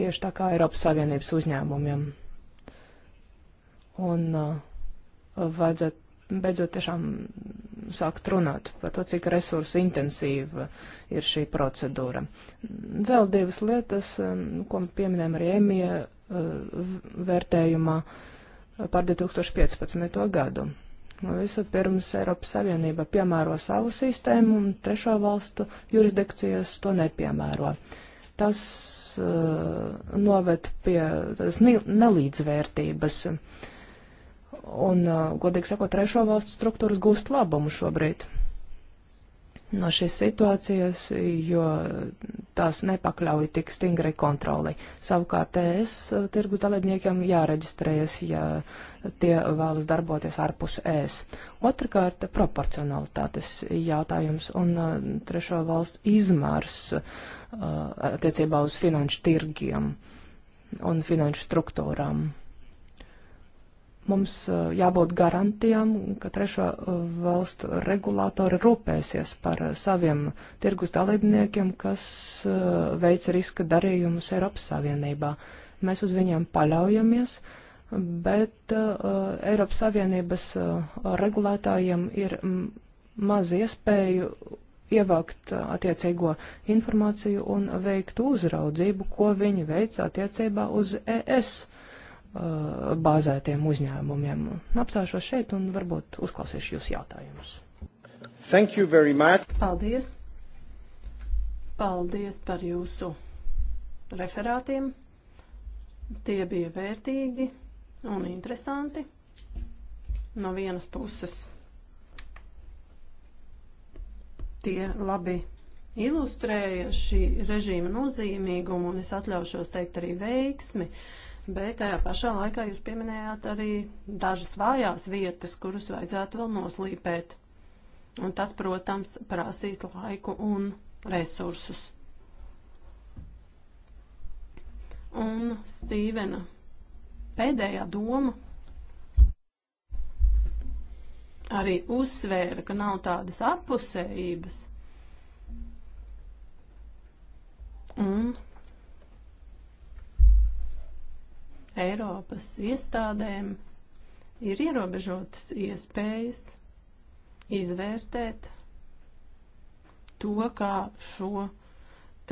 Tieši tā kā Eiropas Savienības uzņēmumiem. Un vajadzētu beidzot tiešām sākt runāt par to, cik resursu intensīva ir šī procedūra. Vēl divas lietas, um, ko pieminējam arī EMIE uh, vērtējumā par 2015. gadu. Nu, visu pirms Eiropas Savienība piemēro savu sistēmu un trešo valstu jurisdikcijas to nepiemēro. Tas uh, noved pie tas nelīdzvērtības. Uh, Un, godīgi sakot, trešo valstu struktūras gūst labumu šobrīd no šīs situācijas, jo tās nepakļauj tik stingrai kontroli. Savukārt ES tirgus dalībniekiem jāreģistrējas, ja tie vēlas darboties ārpus ES. Otrakārt, proporcionalitātes jautājums un trešo valstu izmērs attiecībā uz finanšu tirgiem un finanšu struktūrām. Mums jābūt garantijām, ka trešo valstu regulātori rūpēsies par saviem tirgus dalībniekiem, kas veic riska darījumus Eiropas Savienībā. Mēs uz viņiem paļaujamies, bet Eiropas Savienības regulētājiem ir maz iespēju ievākt attiecīgo informāciju un veikt uzraudzību, ko viņi veic attiecībā uz ES Uh, bāzētiem uzņēmumiem. Apstāšos šeit un varbūt uzklausīšu jūs jautājumus. Thank you very much. Paldies. Paldies par jūsu referātiem. Tie bija vērtīgi un interesanti no vienas puses. Tie labi ilustrēja šī režīma nozīmīgumu un es atļaušos teikt arī veiksmi. Uh, bet tajā pašā laikā jūs pieminējāt arī dažas vājās vietas, kuras vajadzētu vēl noslīpēt. Un tas, protams, prasīs laiku un resursus. Un Stīvena pēdējā doma arī uzsvēra, ka nav tādas apusējības. Un Eiropas iestādēm ir ierobežotas iespējas izvērtēt to, kā šo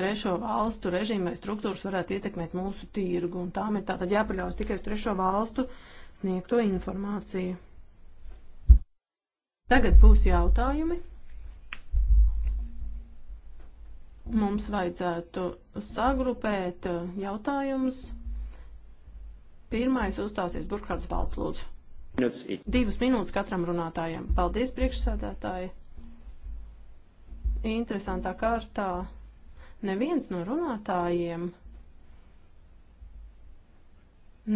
trešo valstu režīmu vai struktūras varētu ietekmēt mūsu tirgu, un tām ir tātad jāpaļaus tikai uz trešo valstu sniegto informāciju. Tagad būs jautājumi. Mums vajadzētu sagrupēt uh, jautājumus Pirmais uzstāsies Burkhards Balts, lūdzu. Divas minūtes katram runātājiem. Paldies, priekšsēdētāji. Interesantā kārtā neviens no runātājiem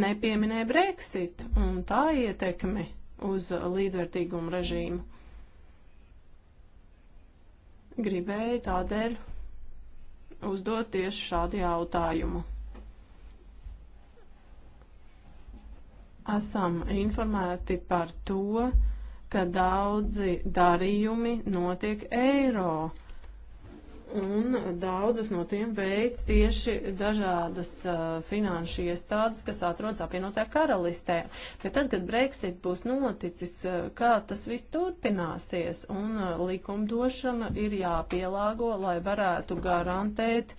nepieminēja Brexit un tā ietekmi uz līdzvērtīgumu režīmu. Gribēju tādēļ uzdot tieši šādu jautājumu. esam informēti par to, ka daudzi darījumi notiek eiro. Un daudzas no tiem veids tieši dažādas uh, finanšu iestādes, kas atrodas apvienotā karalistē. Bet tad, kad Brexit būs noticis, uh, kā tas viss turpināsies, un uh, likumdošana ir jāpielāgo, lai varētu garantēt,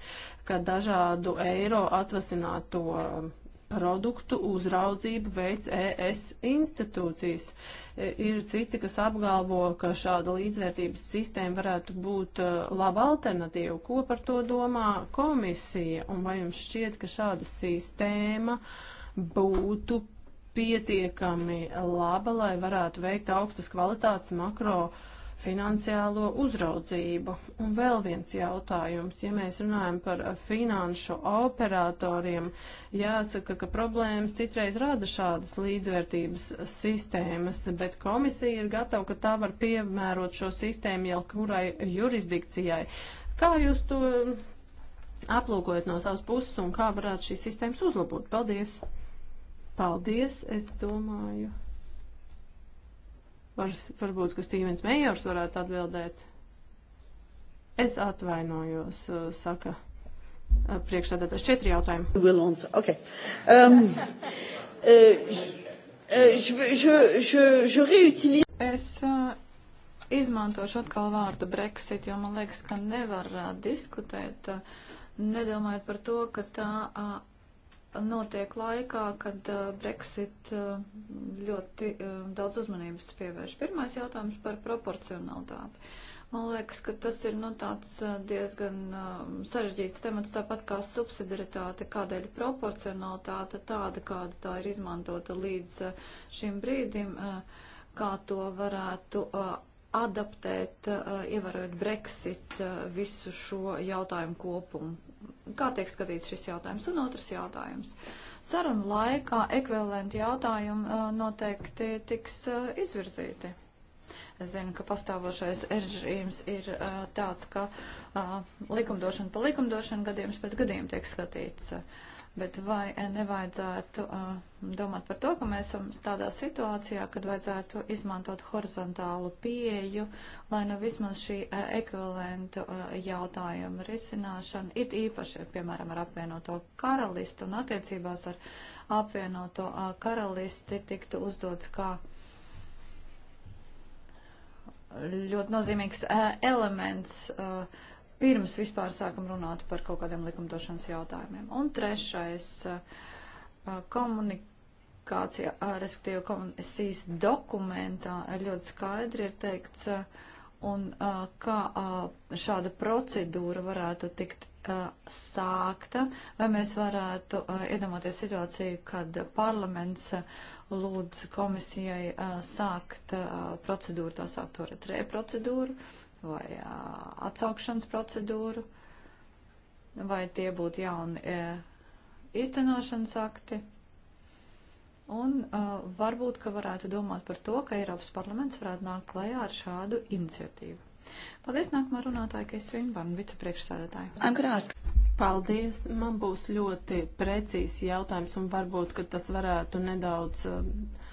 ka dažādu eiro atvasināto. Uh, produktu uzraudzību veids ES institūcijas. E, ir citi, kas apgalvo, ka šāda līdzvērtības sistēma varētu būt e, laba alternatīva. Ko par to domā komisija? Un vai jums šķiet, ka šāda sistēma būtu pietiekami laba, lai varētu veikt augstas kvalitātes makro uh, finansiālo uzraudzību. Un vēl viens jautājums, ja mēs runājam par finanšu operatoriem, jāsaka, ka problēmas citreiz rada šādas līdzvērtības sistēmas, bet komisija ir gatava, ka tā var piemērot šo sistēmu jau kurai jurisdikcijai. Kā jūs to aplūkojat no savas puses un kā varētu šīs sistēmas uzlabot? Paldies! Paldies, es domāju. Var, varbūt, ka Stīvens Meijors varētu atbildēt. Es atvainojos, uh, saka uh, priekšsēdētājs. Četri jautājumi. Vilons, ok. Um, uh, es izmantošu atkal vārdu Brexit, jo man liekas, ka nevar diskutēt, nedomājot par to, ka tā notiek laikā, kad uh, Brexit uh, ļoti uh, daudz uzmanības pievērš. Pirmais jautājums par proporcionalitāti. Man liekas, ka tas ir nu, tāds diezgan sarežģīts temats, tāpat kā subsidiaritāte, kādēļ proporcionalitāte tāda, kāda tā ir izmantota līdz šim brīdim, kā to varētu adaptēt, ievērojot Brexit visu šo jautājumu kopumu kā tiek skatīts šis jautājums? Un otrs jautājums. Sarunu laikā ekvivalenti jautājumi uh, noteikti tiks uh, izvirzīti. Es zinu, ka pastāvošais režīms ir uh, tāds, ka likumdošana pa likumdošanu gadījums pēc gadījuma tiek skatīts. Uh, Bet vai eh, nevajadzētu uh, domāt par to, ka mēs esam tādā situācijā, kad vajadzētu izmantot horizontālu pieeju, lai nu vismaz šī uh, eh, ekvivalentu uh, jautājumu risināšana, it īpaši, piemēram, ar apvienoto karalistu un attiecībās ar apvienoto uh, karalisti tiktu uzdots kā ļoti nozīmīgs uh, elements. Uh, pirms vispār sākam runāt par kaut kādiem likumdošanas jautājumiem. Un trešais uh, - komunikācija, uh, respektīvi komisijas dokumentā ļoti skaidri ir teikts, uh, un kā šāda procedūra varētu tikt sākta, vai mēs varētu iedomāties situāciju, kad parlaments lūdz komisijai sākt procedūru, tā sākt to retrē procedūru, vai atsaukšanas procedūru, vai tie būtu jauni īstenošanas akti. Un uh, varbūt, ka varētu domāt par to, ka Eiropas parlaments varētu nākt klajā ar šādu iniciatīvu. Paldies nākamā runātāja, ka es Svinbarnu vicepriekšsēdētāju. Angrāsk. Paldies. Man būs ļoti precīzi jautājums un varbūt, ka tas varētu nedaudz. Uh,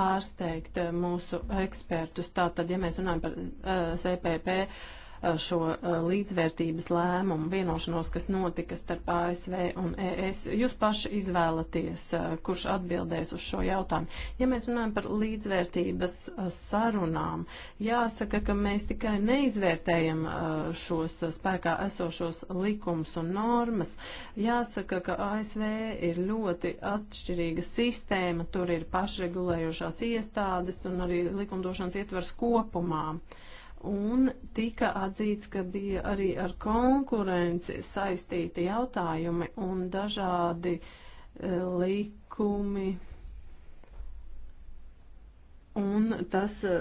pārsteigt eh, mūsu ekspertus. Tātad, ja mēs runājam par uh, eh, CPP, uh, Uh, šo uh, līdzvērtības lēmumu, vienošanos, kas notika starp ASV un ES. Jūs paši izvēlaties, uh, kurš atbildēs uz šo jautājumu. Ja mēs runājam par līdzvērtības sarunām, jāsaka, ka mēs tikai neizvērtējam šos spēkā esošos likums un normas. Jāsaka, ka ASV ir ļoti atšķirīga sistēma, tur ir pašregulējušās iestādes un arī likumdošanas ietvars kopumā. Uh, un tika atzīts, ka bija arī ar konkurenci saistīti jautājumi un dažādi e, likumi. Un tas e,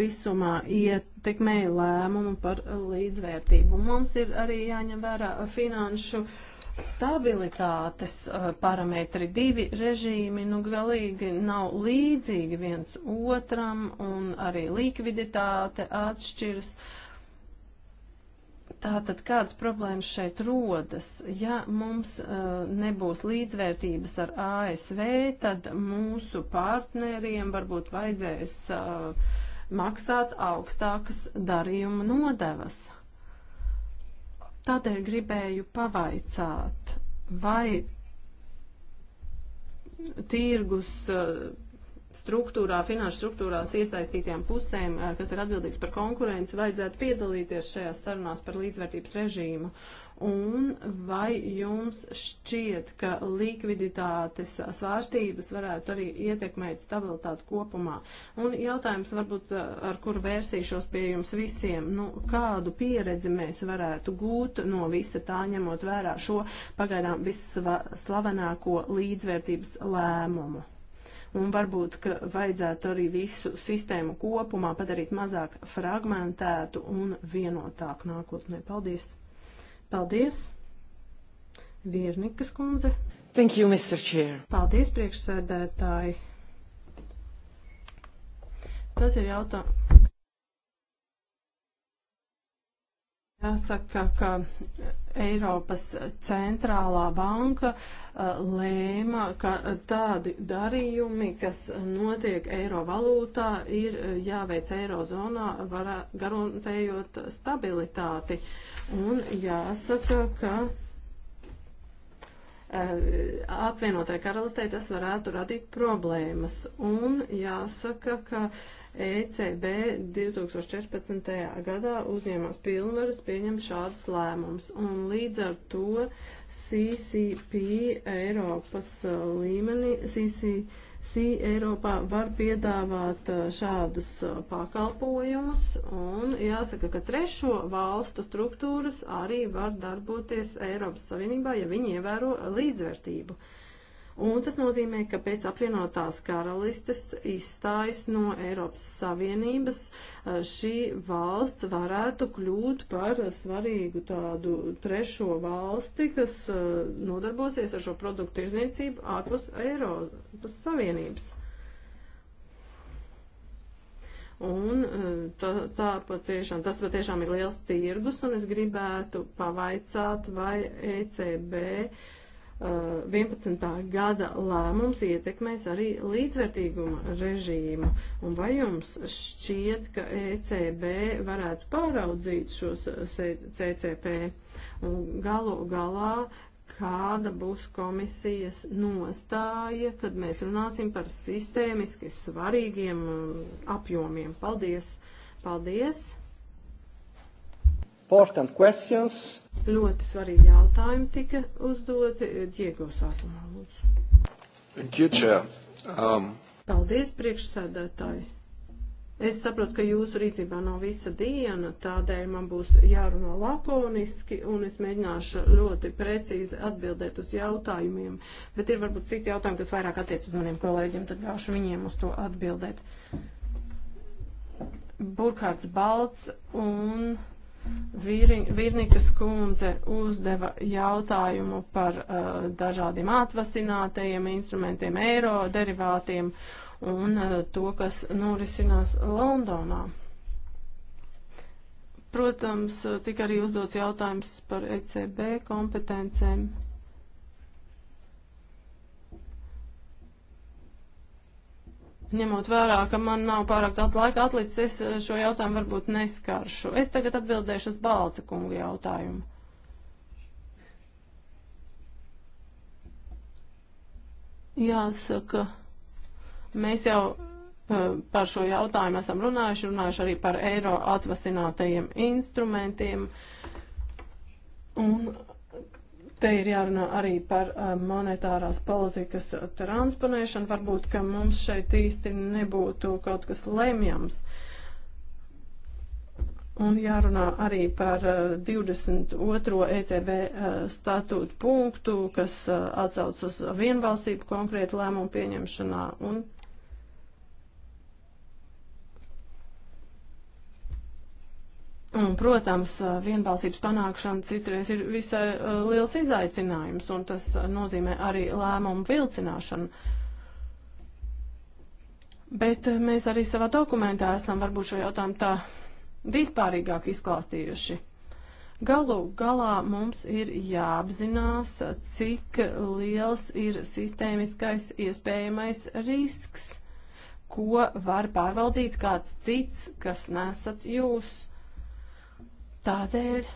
visumā ietekmēja lēmumu par līdzvērtību. Mums ir arī jāņem vērā finanšu uh, Stabilitātes uh, parametri divi režīmi nu galīgi nav līdzīgi viens otram un arī likviditāte atšķiras. Tātad kādas problēmas šeit rodas? Ja mums uh, nebūs līdzvērtības ar ASV, tad mūsu partneriem varbūt vajadzēs uh, maksāt augstākas darījuma nodevas. Tādēļ gribēju pavaicāt, vai tirgus eh, struktūrā, finanšu struktūrās iesaistītajām pusēm, eh, kas ir atbildīgs par konkurenci, vajadzētu piedalīties šajās sarunās par līdzvērtības režīmu un vai jums šķiet, ka likviditātes svārstības varētu arī ietekmēt stabilitāti kopumā? Un jautājums varbūt, ar kuru vērsīšos pie jums visiem, nu, kādu pieredzi mēs varētu gūt no visa tā, ņemot vērā šo pagaidām visslavenāko līdzvērtības lēmumu? un varbūt, ka vajadzētu arī visu sistēmu kopumā padarīt mazāk fragmentētu un vienotāku nākotnē. Paldies! Paldies, Viernikas kundze. Thank you, Mr. Chair. Paldies, priekšsēdētāji. Tas ir jautājums Jāsaka, ka Eiropas centrālā banka uh, lēma, ka tādi darījumi, kas notiek eiro valūtā, ir jāveic eirozonā, garantējot stabilitāti. Un jāsaka, ka Eh, apvienotai karalistē tas varētu radīt problēmas. Un jāsaka, ka ECB 2014. gadā uzņēmās pilnvaras pieņemt šādus lēmumus. Un līdz ar to CCP Eiropas eh, līmenī, CCP SI Eiropā var piedāvāt eh, šādus eh, pakalpojumus, un jāsaka, ka trešo valstu struktūras arī var darboties Eiropas Savienībā, ja viņi ievēro līdzvērtību. Uh, Un tas nozīmē, ka pēc apvienotās karalistes izstājas no Eiropas Savienības eh, šī valsts varētu kļūt par svarīgu tādu trešo valsti, kas eh, nodarbosies ar šo produktu tirzniecību ārpus Eiropas Savienības. Un eh, tā, tā patiešām, tas patiešām ir liels tirgus, un es gribētu pavaicāt, vai ECB uh, 11. Uh, gada lēmums ietekmēs arī līdzvērtīguma režīmu, un vai jums šķiet, ka ECB varētu pāraudzīt šos CCP un galu galā, kāda būs komisijas nostāja, kad mēs runāsim par sistēmiski svarīgiem uh, apjomiem. Paldies! Paldies! Important questions. Ļoti svarīgi jautājumi tika uzdoti. Diego sākumā, lūdzu. Um. Paldies, priekšsēdētāji. Es saprotu, ka jūsu rīcībā nav visa diena, tādēļ man būs jārunā lakoniski, un es mēģināšu ļoti precīzi atbildēt uz jautājumiem. Bet ir varbūt citi jautājumi, kas vairāk attiec uz maniem kolēģiem, tad ļaušu viņiem uz to atbildēt. Burkhards Balts un Vīrnikas kundze uzdeva jautājumu par uh, dažādiem atvasinātajiem instrumentiem, eiro derivātiem un uh, to, kas norisinās Londonā. Protams, uh, tika arī uzdots jautājums par ECB kompetencēm. Uh, Ņemot vērā, ka man nav pārāk daudz laika atlicis, es eh, šo jautājumu varbūt neskaršu. Es tagad atbildēšu uz Balca kungu jautājumu. Jāsaka, mēs jau eh, par šo jautājumu esam runājuši, runājuši arī par eiro atvasinātajiem instrumentiem. Un Te ir jārunā arī par uh, monetārās politikas transponēšanu. Varbūt, ka mums šeit īsti nebūtu kaut kas lemjams. Un jārunā arī par 22. Uh, ECB uh, statūtu punktu, kas atsauc uz vienbalsību konkrētu lēmumu pieņemšanā. Un Un, protams, vienbalsības panākšana citreiz ir visai uh, liels izaicinājums, un tas nozīmē arī lēmumu vilcināšanu. Bet mēs arī savā dokumentā esam varbūt šo jautājumu tā vispārīgāk izklāstījuši. Galu galā mums ir jāapzinās, cik liels ir sistēmiskais iespējamais risks, ko var pārvaldīt kāds cits, kas nesat jūs. Tādēļ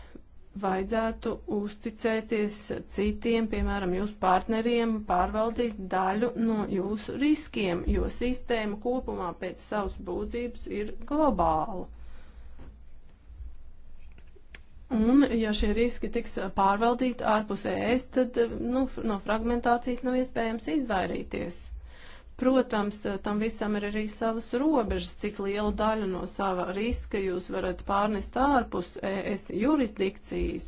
vajadzētu uzticēties citiem, piemēram, jūsu partneriem, pārvaldīt daļu no jūsu riskiem, jo sistēma kopumā pēc savas būtības ir globāla. Un, ja šie riski tiks pārvaldīti ārpus ES, tad nu, no fragmentācijas nav iespējams izvairīties. Protams, eh, tam visam ir arī savas robežas, cik lielu daļu no sava riska jūs varat pārnest ārpus ES jurisdikcijas,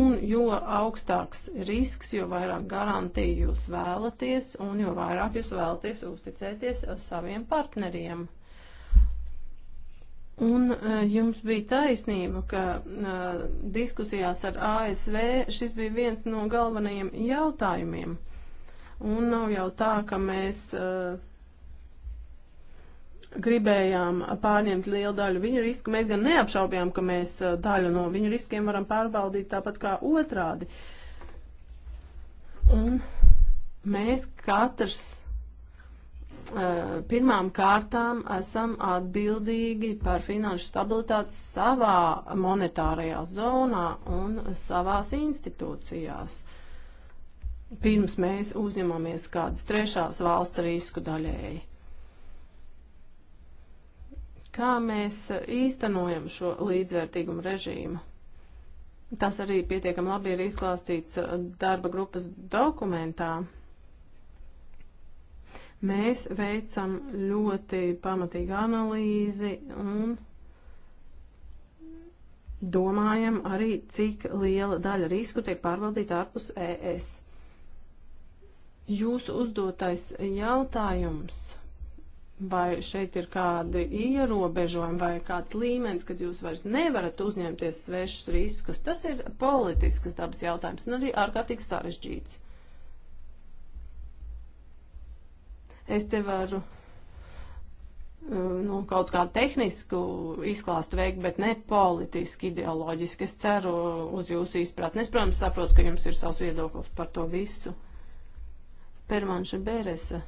un jo augstāks risks, jo vairāk garantiju jūs vēlaties, un jo vairāk jūs vēlaties uzticēties eh, saviem partneriem. Un uh, jums bija taisnība, ka uh, diskusijās ar ASV šis bija viens no galvenajiem jautājumiem. Un nav jau tā, ka mēs uh, gribējām pārņemt lielu daļu viņu risku. Mēs gan neapšaubījām, ka mēs uh, daļu no viņu riskiem varam pārbaudīt tāpat kā otrādi. Un mēs katrs uh, pirmām kārtām esam atbildīgi par finanšu stabilitāti savā monetārajā zonā un savās institūcijās pirms mēs uzņemamies kādas trešās valsts risku daļēji. Kā mēs īstenojam šo līdzvērtīgumu režīmu? Tas arī pietiekam labi ir izklāstīts uh, darba grupas dokumentā. Mēs veicam ļoti pamatīgu analīzi un domājam arī, cik liela daļa risku tiek pārvaldīta ārpus ES. Jūsu uzdotais jautājums, vai šeit ir kādi ierobežojumi vai kāds līmenis, kad jūs vairs nevarat uzņemties svešus riskus, tas ir politisks dabas jautājums un arī ārkārtīgi sarežģīts. Es te varu nu, kaut kā tehnisku izklāstu veikt, bet ne politiski, ideoloģiski. Es ceru uz jūsu izpratni. Es, protams, saprotu, ka jums ir savs viedoklis par to visu. Permanša Bēresa.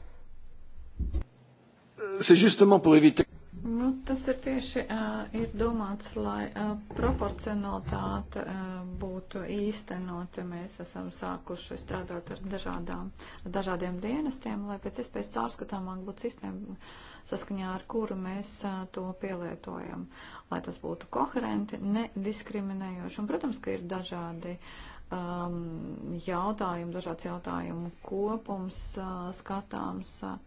C'est justement pour éviter. Nu, tas ir tieši uh, ir domāts, lai uh, proporcionalitāte uh, būtu īstenota. Mēs esam sākuši strādāt ar dažādām, ar dažādiem dienestiem, lai pēc iespējas caurskatāmāk būtu sistēma, saskaņā ar kuru mēs uh, to pielietojam, lai tas būtu koherenti, nediskriminējoši. Un, protams, ka ir dažādi um, jautājumi, dažāds jautājumu kopums uh, skatāms. Uh,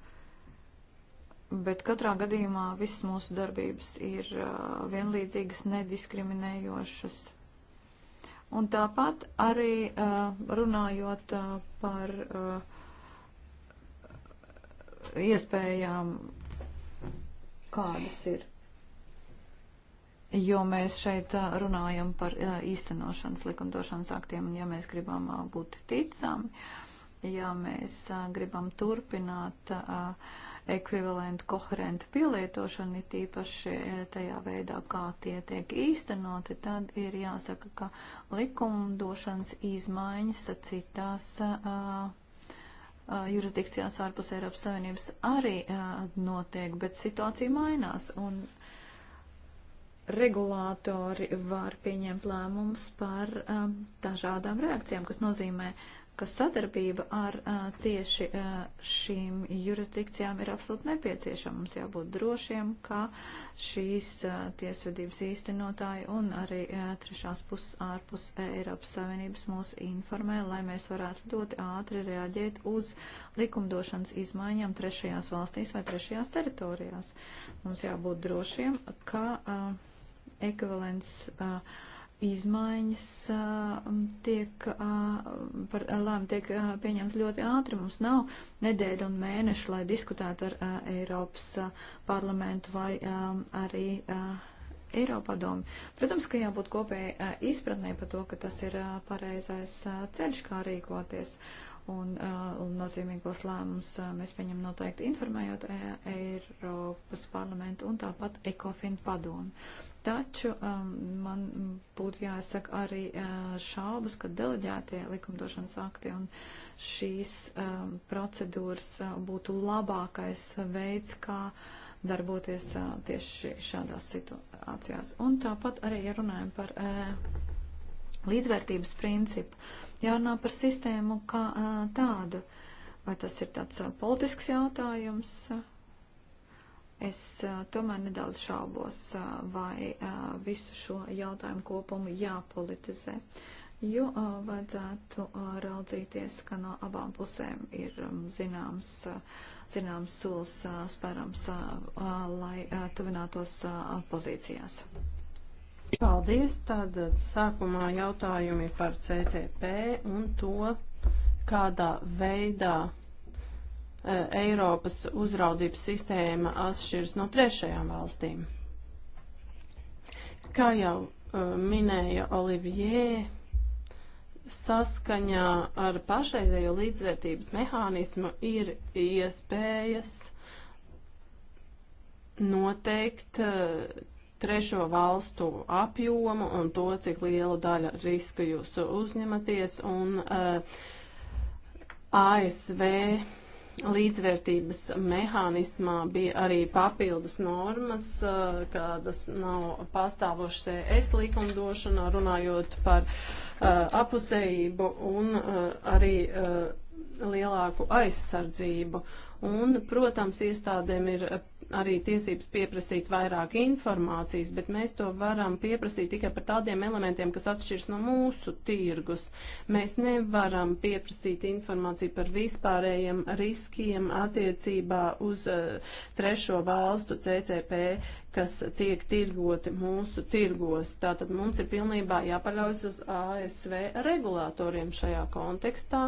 Bet katrā gadījumā visas mūsu darbības ir uh, vienlīdzīgas, nediskriminējošas. Un tāpat arī uh, runājot uh, par uh, iespējām, kādas ir. Jo mēs šeit uh, runājam par uh, īstenošanas likumdošanas aktiem, un ja mēs gribam būt ticami, ja mēs gribam turpināt uh, ekvivalentu koherentu pielietošanu, it īpaši e, tajā veidā, kā tie tiek īstenoti, tad ir jāsaka, ka likumdošanas izmaiņas citās e, jurisdikcijās ārpus Eiropas Savienības arī e, notiek, bet situācija mainās un regulātori var pieņemt lēmumus par dažādām reakcijām, kas nozīmē, uh, ka sadarbība ar tieši šīm jurisdikcijām ir absolūti nepieciešama. Mums jābūt drošiem, ka šīs tiesvedības īstenotāji un arī trešās puses ārpus Eiropas Savienības mūs informē, lai mēs varētu ļoti ātri reaģēt uz likumdošanas izmaiņām trešajās valstīs vai trešajās teritorijās. Mums jābūt drošiem, ka ekvivalents. Uh, izmaiņas tiek, par lēmumu tiek pieņemts ļoti ātri. Mums nav nedēļa un mēneši, lai diskutētu ar Eiropas parlamentu vai arī Eiropadomi. Protams, ka jābūt kopēji izpratnē par to, ka tas ir pareizais ceļš, kā rīkoties. Un, un nozīmīgos lēmumus mēs pieņem noteikti informējot Eiropas parlamentu un tāpat Ekofin padomu. Taču um, man būtu jāsaka arī uh, šaubas, ka deleģētie likumdošanas akti un šīs um, procedūras uh, būtu labākais veids, kā darboties uh, tieši šādās situācijās. Un tāpat arī, ja runājam par uh, līdzvērtības principu, jārunā par sistēmu kā uh, tādu. Vai tas ir tāds uh, politisks jautājums? Uh, Es uh, tomēr nedaudz šaubos, uh, vai uh, visu šo jautājumu kopumu jāpolitizē, jo uh, vajadzētu uh, raudzīties, ka no abām pusēm ir um, zināms, uh, zināms solis uh, sparams, uh, uh, lai uh, tuvinātos uh, pozīcijās. Paldies. Tātad sākumā jautājumi par CCP un to, kādā veidā Eh, Eiropas uzraudzības sistēma atšķiras no trešajām valstīm. Kā jau eh, minēja Olivier, saskaņā ar pašreizējo līdzvērtības mehānismu ir iespējas noteikt eh, trešo valstu apjomu un to, cik lielu daļu riska jūs uzņematies un uh, ASV līdzvērtības mehānismā bija arī papildus normas, kādas nav pastāvošas ES likumdošanā, runājot par uh, apusējību un uh, arī uh, lielāku aizsardzību. Un, protams, iestādēm ir eh, arī tiesības pieprasīt vairāk informācijas, bet mēs to varam pieprasīt tikai par tādiem elementiem, kas atšķirs no mūsu tirgus. Mēs nevaram pieprasīt informāciju par vispārējiem riskiem attiecībā uz uh, trešo valstu CCP kas tiek tirgoti mūsu tirgos. Tātad mums ir pilnībā jāpaļaujas uz ASV regulātoriem šajā kontekstā,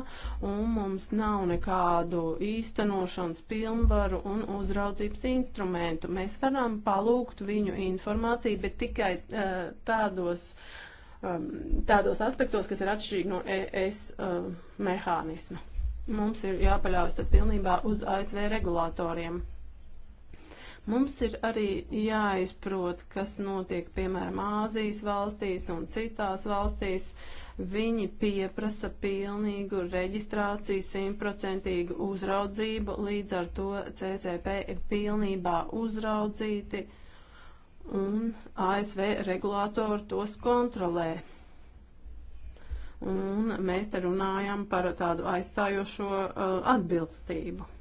un mums nav nekādu īstenošanas pilnvaru un uzraudzības instrumentu. Mēs varam palūgt viņu informāciju, bet tikai uh, tādos um, tādos aspektos, kas ir atšķirīgi no ES uh, eh, mehānisma. Mums ir jāpaļaujas tad pilnībā uz ASV regulātoriem. Mums ir arī jāizprot, kas notiek, piemēram, Āzijas valstīs un citās valstīs. Viņi pieprasa pilnīgu reģistrāciju, simtprocentīgu uzraudzību, līdz ar to CCP ir pilnībā uzraudzīti un ASV regulātori tos kontrolē. Un mēs te runājam par tādu aizstājošo uh, atbilstību.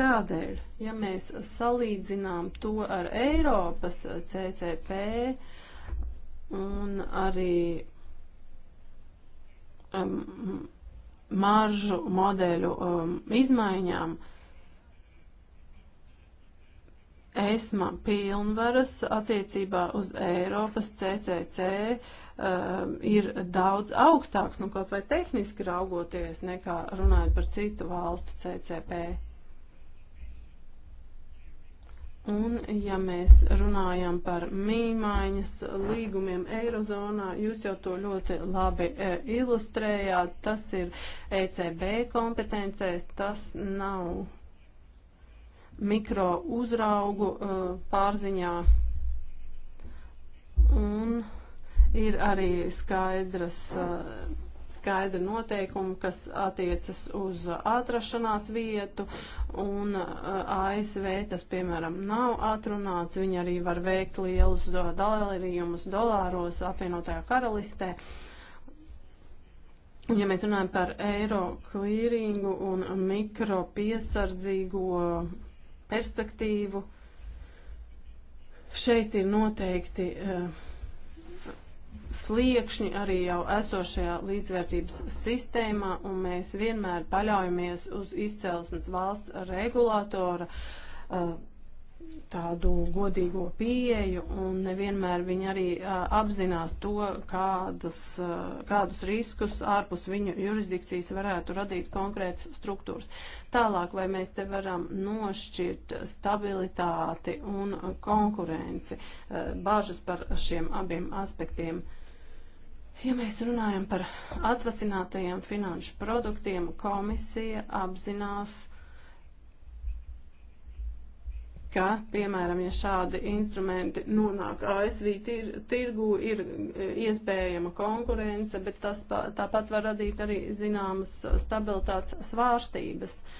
Tādēļ, ja mēs salīdzinām to ar Eiropas CCP un arī um, maržu modeļu um, izmaiņām, ESMA pilnvaras attiecībā uz Eiropas CCC um, ir daudz augstāks, nu kaut vai tehniski raugoties, nekā runājot par citu valstu CCP. Un, ja mēs runājam par mīmaiņas līgumiem Eirozonā, jūs jau to ļoti labi e, ilustrējāt. Tas ir ECB kompetencēs, tas nav mikro uzraugu e, pārziņā. Un ir arī skaidras. E, skaidri noteikumi, kas attiecas uz atrašanās vietu, un uh, ASV tas, piemēram, nav atrunāts. Viņi arī var veikt lielus dalījumus dolāros apvienotajā karalistē. Ja mēs runājam par eiro klīringu un mikro piesardzīgo perspektīvu, šeit ir noteikti. Uh, sliekšņi arī jau esošajā līdzvērtības sistēmā, un mēs vienmēr paļaujamies uz izcelsmes valsts regulātora uh, tādu godīgo pieeju, un nevienmēr viņi arī uh, apzinās to, kādas, uh, kādus riskus ārpus viņu jurisdikcijas varētu radīt konkrētas struktūras. Tālāk, vai mēs te varam nošķirt stabilitāti un konkurenci, bažas par šiem abiem aspektiem. Uh, Ja mēs runājam par atvasinātajiem finanšu produktiem, komisija apzinās, ka, piemēram, ja šādi instrumenti nonāk ASV tir, tirgū, ir e, iespējama konkurence, bet tas tāpat var radīt arī zināmas stabilitātes svārstības. Uh,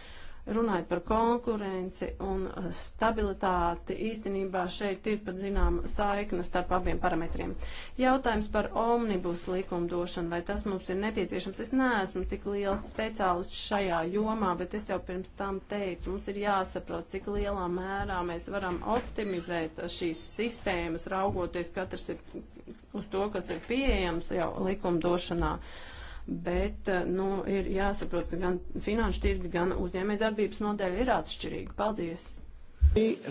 Runājot par konkurenci un uh, stabilitāti, īstenībā šeit ir pat zinām saikna starp abiem parametriem. Jautājums par omnibus likumdošanu, vai tas mums ir nepieciešams? Es neesmu tik liels speciālists šajā jomā, bet es jau pirms tam teicu, mums ir jāsaprot, cik lielā mērā mēs varam optimizēt uh, šīs sistēmas, raugoties katrs ir uz to, kas ir pieejams jau likumdošanā. Uh, bet eh, nu, ir jāsaprot, ka gan finanšu tirgi, gan uzņēmējdarbības nodeļa ir atšķirīga. Paldies!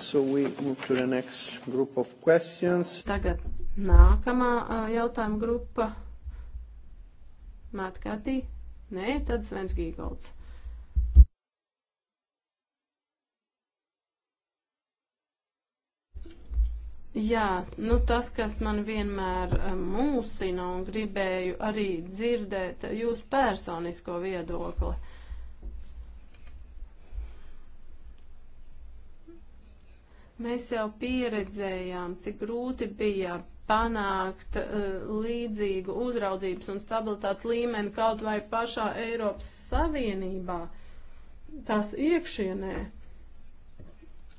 So we move to the next group of questions. Tagad nākamā eh, jautājuma grupa. Mātkatī? Nē, tad Svens Gīgolds. Jā, nu tas, kas man vienmēr eh, mūsina un gribēju arī dzirdēt jūsu personisko viedokli. Mēs jau pieredzējām, cik grūti bija panākt uh, līdzīgu uzraudzības un stabilitātes līmeni kaut vai pašā Eiropas Savienībā, tās iekšienē.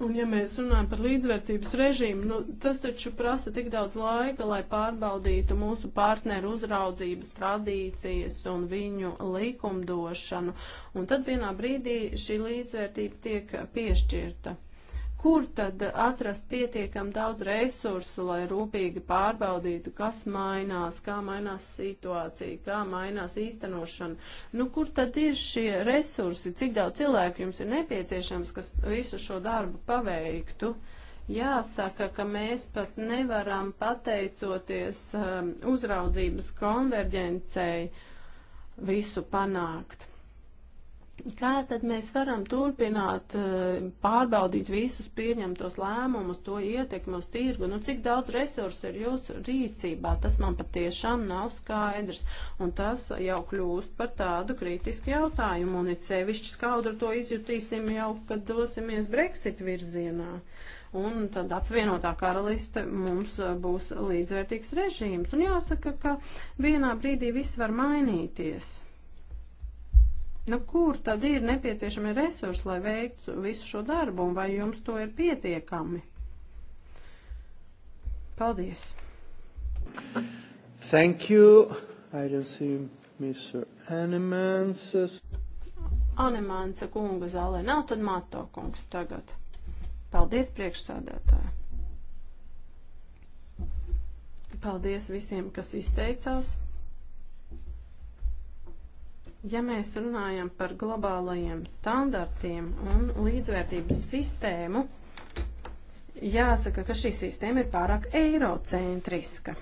Un ja mēs runājam par līdzvērtības režīmu, nu, tas taču prasa tik daudz laika, lai pārbaudītu mūsu partneru uzraudzības tradīcijas un viņu likumdošanu. Un tad vienā brīdī šī līdzvērtība tiek piešķirta. Kur tad atrast pietiekam daudz resursu, lai rūpīgi pārbaudītu, kas mainās, kā mainās situācija, kā mainās īstenošana? Nu, kur tad ir šie resursi, cik daudz cilvēku jums ir nepieciešams, kas visu šo darbu paveiktu? Jāsaka, ka mēs pat nevaram pateicoties um, uzraudzības konverģencei visu panākt. Kā tad mēs varam turpināt eh, pārbaudīt visus pieņemtos lēmumus, to ietekmi uz tirgu? Nu, cik daudz resursu ir jūsu rīcībā? Tas man patiešām nav skaidrs. Un tas jau kļūst par tādu kritisku jautājumu. Un it sevišķi skaudru to izjutīsim jau, kad dosimies Brexit virzienā. Un tad apvienotā karaliste mums būs līdzvērtīgs režīms. Un jāsaka, ka vienā brīdī viss var mainīties. Nu, kur tad ir nepieciešami resursi, lai veiktu visu šo darbu, un vai jums to ir pietiekami? Paldies! Thank you. I don't see Mr. Animans. Animansa kunga zālē nav, tad Mato kungs tagad. Paldies priekšsādātāji. Paldies visiem, kas izteicās. Ja mēs runājam par globālajiem standartiem un līdzvērtības sistēmu, jāsaka, ka šī sistēma ir pārāk eirocentriska.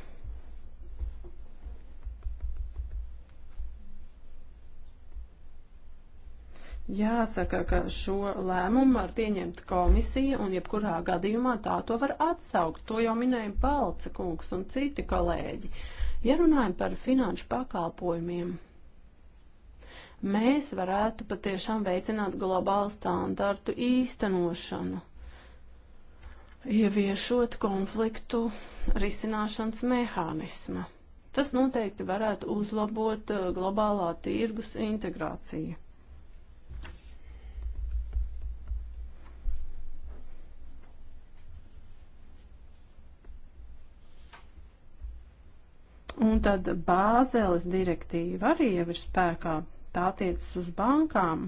Jāsaka, ka šo lēmumu var pieņemt komisija, un jebkurā gadījumā tā to var atsaukt. To jau minēja Balca kungs un citi kolēģi. Ja runājam par finanšu pakalpojumiem, mēs varētu patiešām veicināt globālu standartu īstenošanu, ieviešot konfliktu risināšanas mehānismu. Tas noteikti varētu uzlabot uh, globālā tirgus integrāciju. Un tad Bāzeles direktīva arī jau ir spēkā tā attiecas uz bankām.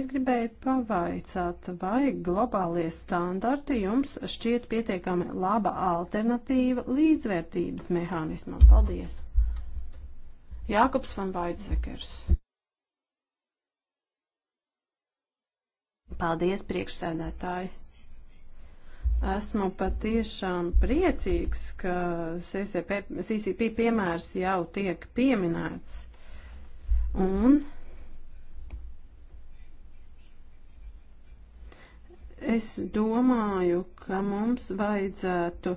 Es gribēju pavaicāt, vai globālie standarti jums šķiet pietiekami laba alternatīva līdzvērtības mehānismam. Paldies! Jākubs van Vaidzekers. Paldies, priekšsēdētāji! Esmu patiešām priecīgs, ka CCP, CCP piemērs jau tiek pieminēts. Un es domāju, ka mums vajadzētu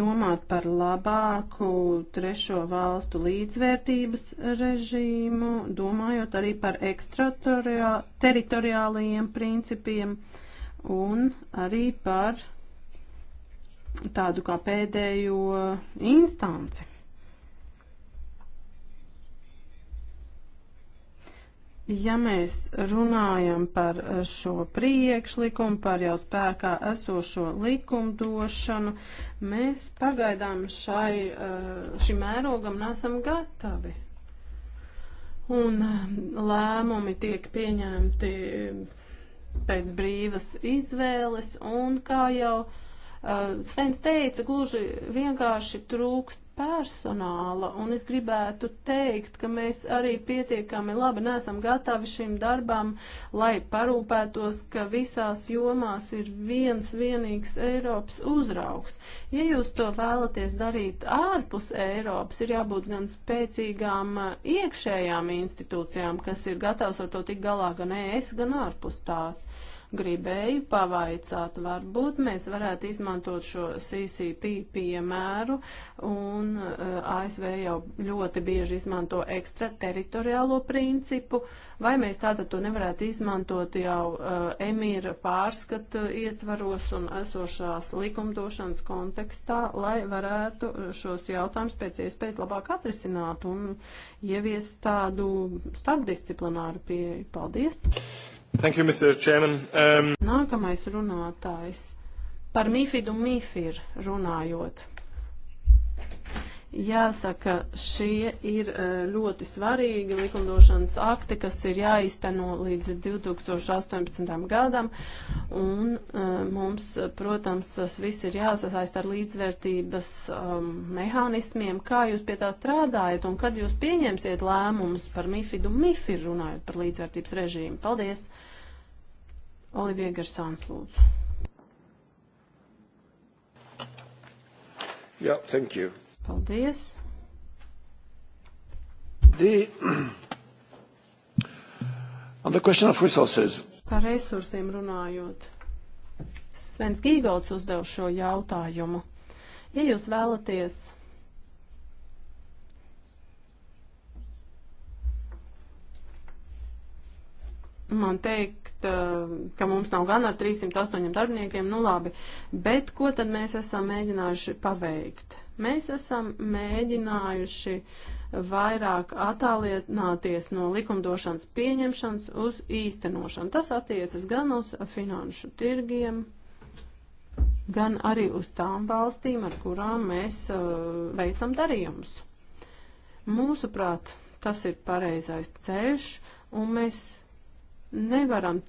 domāt par labāku trešo valstu līdzvērtības režīmu, domājot arī par ekstrateritoriālajiem principiem un arī par tādu kā pēdējo instanci. Ja mēs runājam par eh, šo priekšlikumu, par jau spēkā esošo likumdošanu, mēs pagaidām šai, eh, šim mērogam nesam gatavi. Un eh, lēmumi tiek pieņemti pēc brīvas izvēles, un kā jau uh, Svens teica, gluži vienkārši trūkst personāla, un es gribētu teikt, ka mēs arī pietiekami labi nesam gatavi šim darbam, lai parūpētos, ka visās jomās ir viens vienīgs Eiropas uzraugs. Ja jūs to vēlaties darīt ārpus Eiropas, ir jābūt gan spēcīgām eh, iekšējām institūcijām, kas ir gatavs ar to tik galā gan ES, gan ārpus tās. Uh, gribēju pavaicāt, varbūt mēs varētu izmantot šo CCP piemēru, un eh, ASV jau ļoti bieži izmanto ekstrateritoriālo principu, vai mēs tātad to nevarētu izmantot jau eh, emīra pārskatu ietvaros un esošās likumdošanas kontekstā, lai varētu šos jautājumus pēc iespējas labāk atrisināt un ieviest tādu starpdisciplināru pieeju. Paldies! Thank you, Mr. Chairman. Um... Nākamais runātājs. Par MIFID un MIFIR runājot. Jāsaka, šie ir e, ļoti svarīgi likumdošanas akti, kas ir jāizteno līdz 2018. gadam, un e, mums, protams, tas viss ir jāsasaist ar līdzvērtības um, mehānismiem, kā jūs pie tā strādājat un kad jūs pieņemsiet lēmumus par MIFID un MIFIR runājot par līdzvērtības režīmu. Paldies! Olivija Garsāns lūdzu. Yeah, thank you. Paldies! The, [clears throat] on the question of resources. Par resursiem runājot. Svens Gīgolds uzdev šo jautājumu. Ja jūs vēlaties man teikt, eh, ka mums nav gan ar 308 darbiniekiem, nu labi, bet ko tad mēs esam mēģinājuši paveikt? Mēs esam mēģinājuši vairāk attālināties no likumdošanas pieņemšanas uz īstenošanu. Tas attiecas gan uz finanšu tirgiem, gan arī uz tām valstīm, ar kurām mēs uh, veicam darījumus. Mūsuprāt, tas ir pareizais ceļš, un mēs nevaram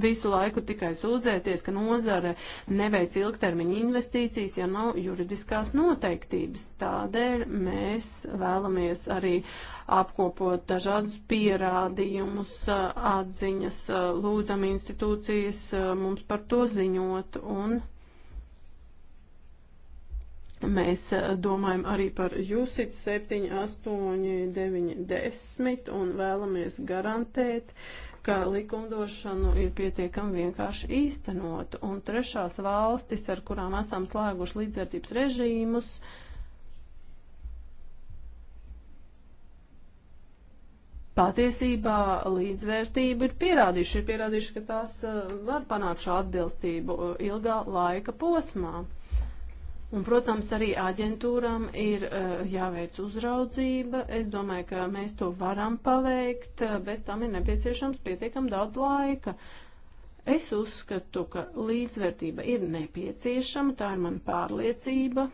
visu laiku tikai sūdzēties, ka nozare neveic ilgtermiņa investīcijas, ja nav juridiskās noteiktības. Tādēļ mēs vēlamies arī apkopot dažādus pierādījumus, atziņas, lūdzam institūcijas mums par to ziņot un Mēs domājam arī par jūsit 7, 8, 9, 10 un vēlamies garantēt uh, ka likumdošanu ir pietiekami vienkārši īstenot. Un trešās valstis, ar kurām esam slēguši līdzvērtības režīmus, patiesībā līdzvērtība ir pierādījuši, ir pierādījuši, ka tās eh, var panākt šo atbilstību eh, ilgā laika posmā. Un, protams, arī aģentūram ir uh, jāveic uzraudzība. Es domāju, ka mēs to varam paveikt, eh, bet tam ir nepieciešams pietiekam daudz laika. Es uzskatu, ka līdzvērtība ir nepieciešama, tā ir mana pārliecība.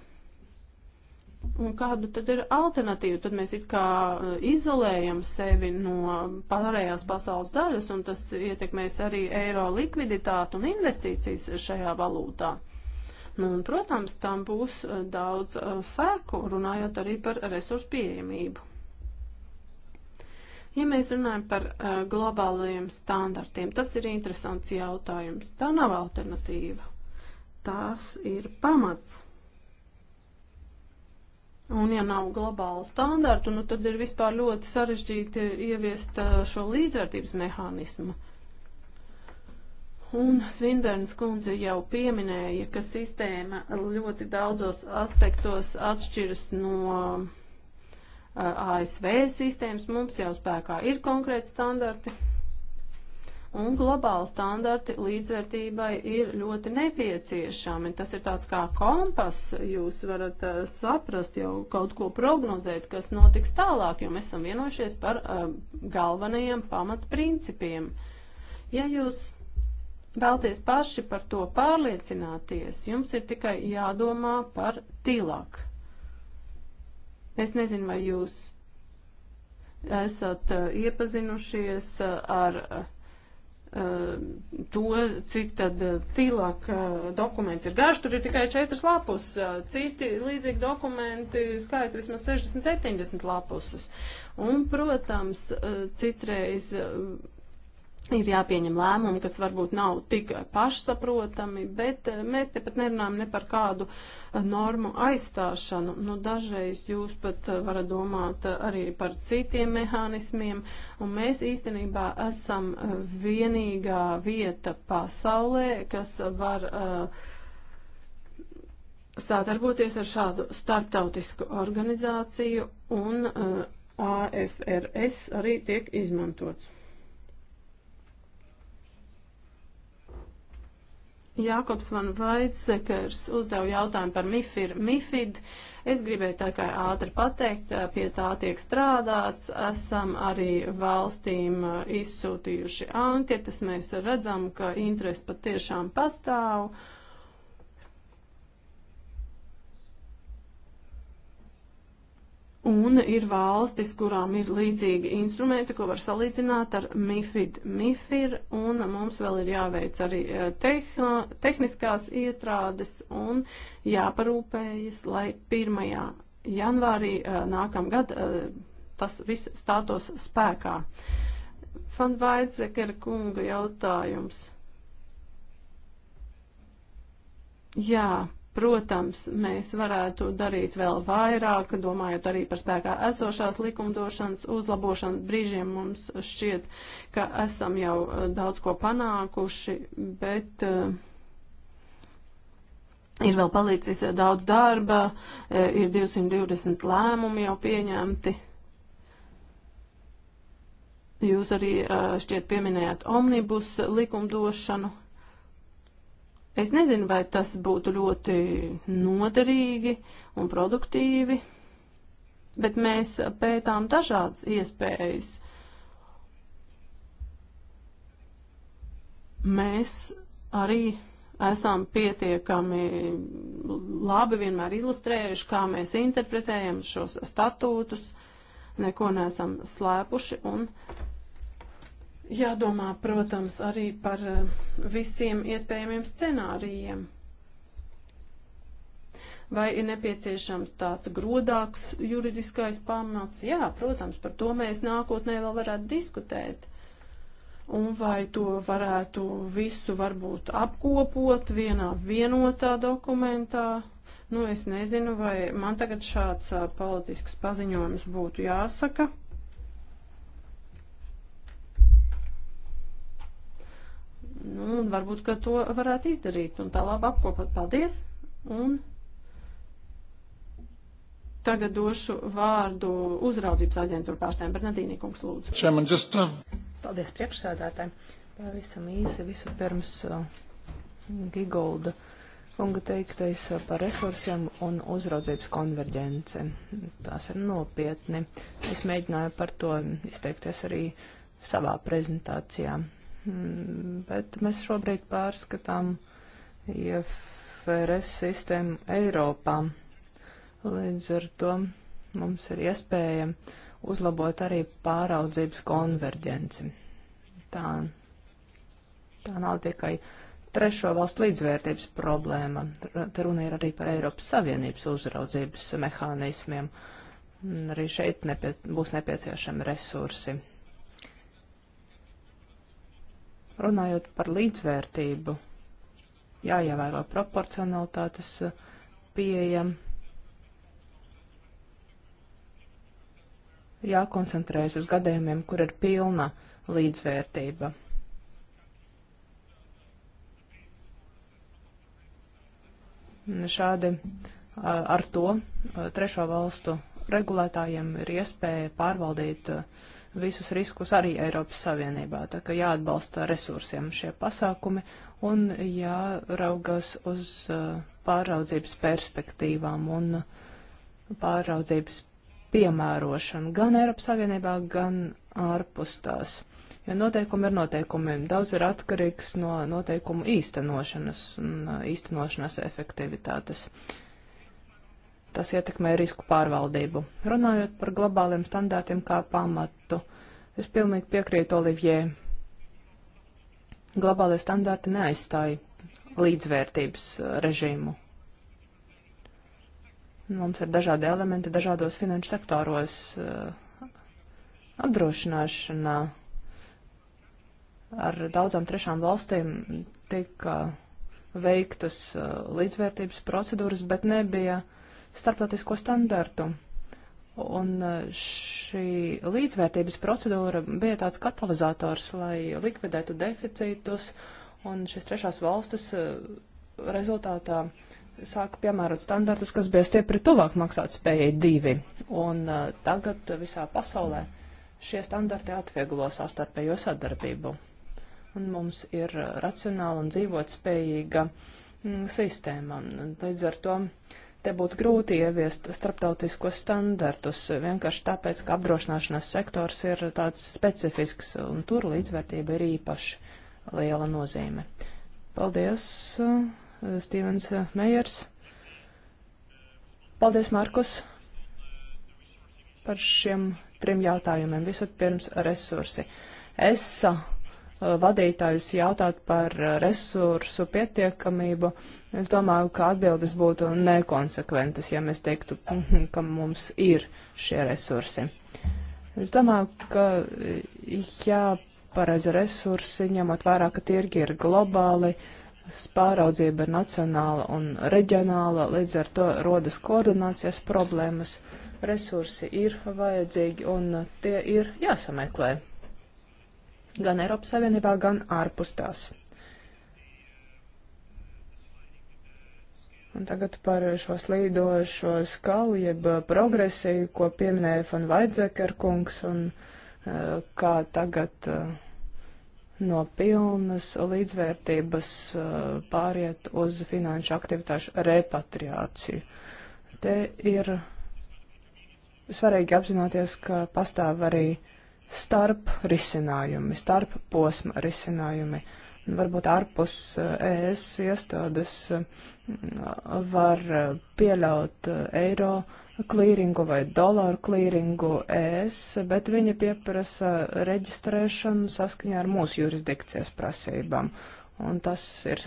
Un kāda tad ir alternatīva? Tad mēs it kā eh, izolējam sevi no pārējās pasaules daļas, un tas ietekmēs arī eiro likviditātu un investīcijas šajā valūtā. Uh, Nu, un, protams, tam būs e, daudz e, sēku, runājot arī par resursu pieejamību. Ja mēs runājam par uh, globālajiem standartiem, tas ir interesants jautājums. Tā nav alternatīva. Tās ir pamats. Un ja nav globālu standartu, nu tad ir vispār ļoti sarežģīti ieviest uh, šo līdzvērtības mehānismu. Uh, Un Svinbērns kundze jau pieminēja, ka sistēma ļoti daudzos aspektos atšķiras no ASV sistēmas. Mums jau spēkā ir konkrēti standarti. Un globāli standarti līdzvērtībai ir ļoti nepieciešami. Tas ir tāds kā kompas, jūs varat uh, saprast jau kaut ko prognozēt, kas notiks tālāk, jo mēs esam vienojušies par uh, galvenajiem pamatprincipiem. Ja jūs vēlties paši par to pārliecināties, jums ir tikai jādomā par tīlāk. Es nezinu, vai jūs esat uh, iepazinušies uh, ar uh, to, cik tad tīlāk dokuments ir garš, tur ir tikai četras lapus, citi līdzīgi dokumenti skaita vismaz 60-70 lapuses. Un, protams, citreiz ir jāpieņem lēmumi, kas varbūt nav tik pašsaprotami, bet eh, mēs te pat nerunājam ne par kādu eh, normu aizstāšanu. Nu, dažreiz jūs pat eh, varat domāt arī par citiem mehānismiem, un mēs īstenībā esam vienīgā vieta pasaulē, kas var uh, sadarboties ar šādu starptautisku organizāciju, un uh, AFRS arī tiek izmantots. Jākops Van Vaidzekers uzdev jautājumu par MIFIR, MIFID. Es gribēju tā kā ātri pateikt, pie tā tiek strādāts. Esam arī valstīm izsūtījuši anketas. Mēs redzam, ka interesi patiešām pastāv. Uh, Un ir valstis, kurām ir līdzīgi instrumenti, ko var salīdzināt ar MIFID, MIFIR, un mums vēl ir jāveic arī eh, tehno, tehniskās iestrādes un jāparūpējas, lai 1. janvārī eh, nākamgad eh, tas viss stātos spēkā. Fan Vaidzekera kunga jautājums. Jā, Protams, mēs varētu darīt vēl vairāk, domājot arī par spēkā esošās likumdošanas uzlabošanu. Brīžiem mums šķiet, ka esam jau eh, daudz ko panākuši, bet eh, ir vēl palicis eh, daudz darba, ir 220 lēmumi jau pieņemti. Jūs arī šķiet pieminējāt omnibus likumdošanu. Es nezinu, vai tas būtu ļoti noderīgi un produktīvi, bet mēs pētām dažādas iespējas. Mēs arī esam pietiekami labi vienmēr ilustrējuši, kā mēs interpretējam šos statūtus, neko neesam slēpuši un Jādomā, protams, arī par eh, visiem iespējamiem scenārijiem. Vai ir nepieciešams tāds grodāks juridiskais pamats? Jā, protams, par to mēs nākotnē vēl varētu diskutēt un vai to varētu visu varbūt apkopot vienā vienotā dokumentā. Nu, es nezinu, vai man tagad šāds eh, politisks paziņojums būtu jāsaka. Nu, un varbūt, ka to varētu izdarīt un tā labi apkopot. Paldies! Un tagad došu vārdu uzraudzības aģentūra pārstāvjiem Bernardīnī kungs lūdzu. Chairman, just, uh... Paldies priekšsēdētājiem. Pavisam īsi visu pirms uh, Gigolda kunga teiktais par resursiem un uzraudzības konverģenci. Tās ir nopietni. Es mēģināju par to izteikties arī savā prezentācijā. Mm, bet mēs šobrīd pārskatām IFRS sistēmu Eiropā. Līdz ar to mums ir iespēja uzlabot arī pāraudzības konverģenci. Tā, tā nav tikai trešo valstu līdzvērtības problēma. Te runa ir arī par Eiropas Savienības uzraudzības mehānismiem. Arī šeit nepie, būs nepieciešami resursi. Runājot par līdzvērtību, jāievēro proporcionalitātes eh, pieeja, jākoncentrējas uz gadījumiem, kur ir pilna līdzvērtība. Šādi ar to trešo valstu regulētājiem ir iespēja pārvaldīt uh, visus riskus arī Eiropas Savienībā. Tā kā jāatbalsta resursiem šie pasākumi un jāraugas uz uh, pāraudzības perspektīvām un uh, pāraudzības piemērošanu gan Eiropas Savienībā, gan ārpus tās. Jo noteikumi ir noteikumi. Daudz ir atkarīgs no noteikumu īstenošanas un uh, īstenošanas efektivitātes. Uh, tas ietekmē risku pārvaldību. Runājot par globāliem standārtiem kā pamatu, es pilnīgi piekrītu Olivier. Globālie standārti neaizstāja līdzvērtības uh, režīmu. Mums ir dažādi elementi dažādos finanšu sektoros uh, apdrošināšanā ar daudzām trešām valstīm tika veiktas uh, līdzvērtības procedūras, bet nebija uh, starptautisko standartu. Un e, šī līdzvērtības procedūra bija tāds katalizators, lai likvidētu deficītus, un šīs trešās valstis e, rezultātā sāka piemērot standartus, kas bija stiepri tuvāk maksāt spējai divi. Un e, tagad visā pasaulē šie standarti atvieglo savstarpējo sadarbību. Un mums ir racionāla un dzīvot spējīga sistēma. Līdz ar to uh, Te būtu grūti ieviest starptautiskos standartus, vienkārši tāpēc, ka apdrošināšanas sektors ir tāds specifisks, un tur līdzvērtība ir īpaši liela nozīme. Paldies, Stīvens Meijers. Paldies, Markus, par šiem trim jautājumiem. Visatpirms resursi. ESA Eh, vadītājus jautāt par eh, resursu pietiekamību, es domāju, ka atbildes būtu nekonsekventas, ja mēs teiktu, mhm, ka mums ir šie resursi. Es domāju, ka eh, jāparedz resursi, ņemot vērā, ka tirgi ir globāli, pāraudzība ir nacionāla un reģionāla, līdz ar to rodas koordinācijas problēmas. Resursi ir vajadzīgi un tie ir jāsameklē gan Eiropas Savienībā, gan ārpus tās. Un tagad par šo slīdošo skalu, jeb uh, progresiju, ko pieminēja Fan Vaidzekerkungs, un uh, kā tagad uh, no pilnas līdzvērtības uh, pāriet uz finanšu aktivitāšu repatriāciju. Te ir svarīgi apzināties, ka pastāv arī starp risinājumi, starp posma risinājumi. Varbūt ārpus eh, ES iestādes mm, var eh, pieļaut eh, eiro klīringu vai dolāru klīringu ES, bet viņi pieprasa reģistrēšanu saskaņā ar mūsu jurisdikcijas prasībām. Un tas ir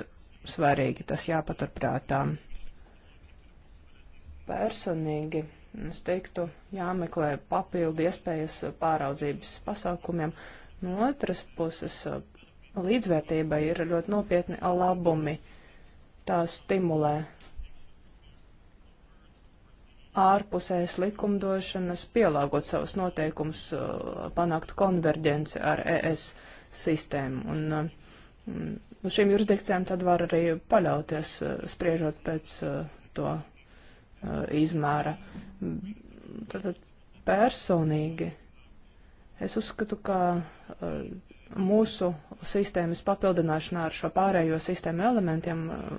svarīgi, tas jāpaturprātā. Personīgi es teiktu, jāmeklē papildu iespējas pāraudzības pasākumiem. No otras puses, līdzvērtība ir ļoti nopietni labumi. Tā stimulē ārpusējas likumdošanas, pielāgot savus noteikumus, panākt konverģenci ar ES sistēmu. Un, mm, Uz šīm jurisdikcijām tad var arī paļauties, spriežot pēc to Uh, izmēra. Tātad personīgi es uzskatu, ka uh, mūsu sistēmas papildināšanā ar šo pārējo sistēmu elementiem uh,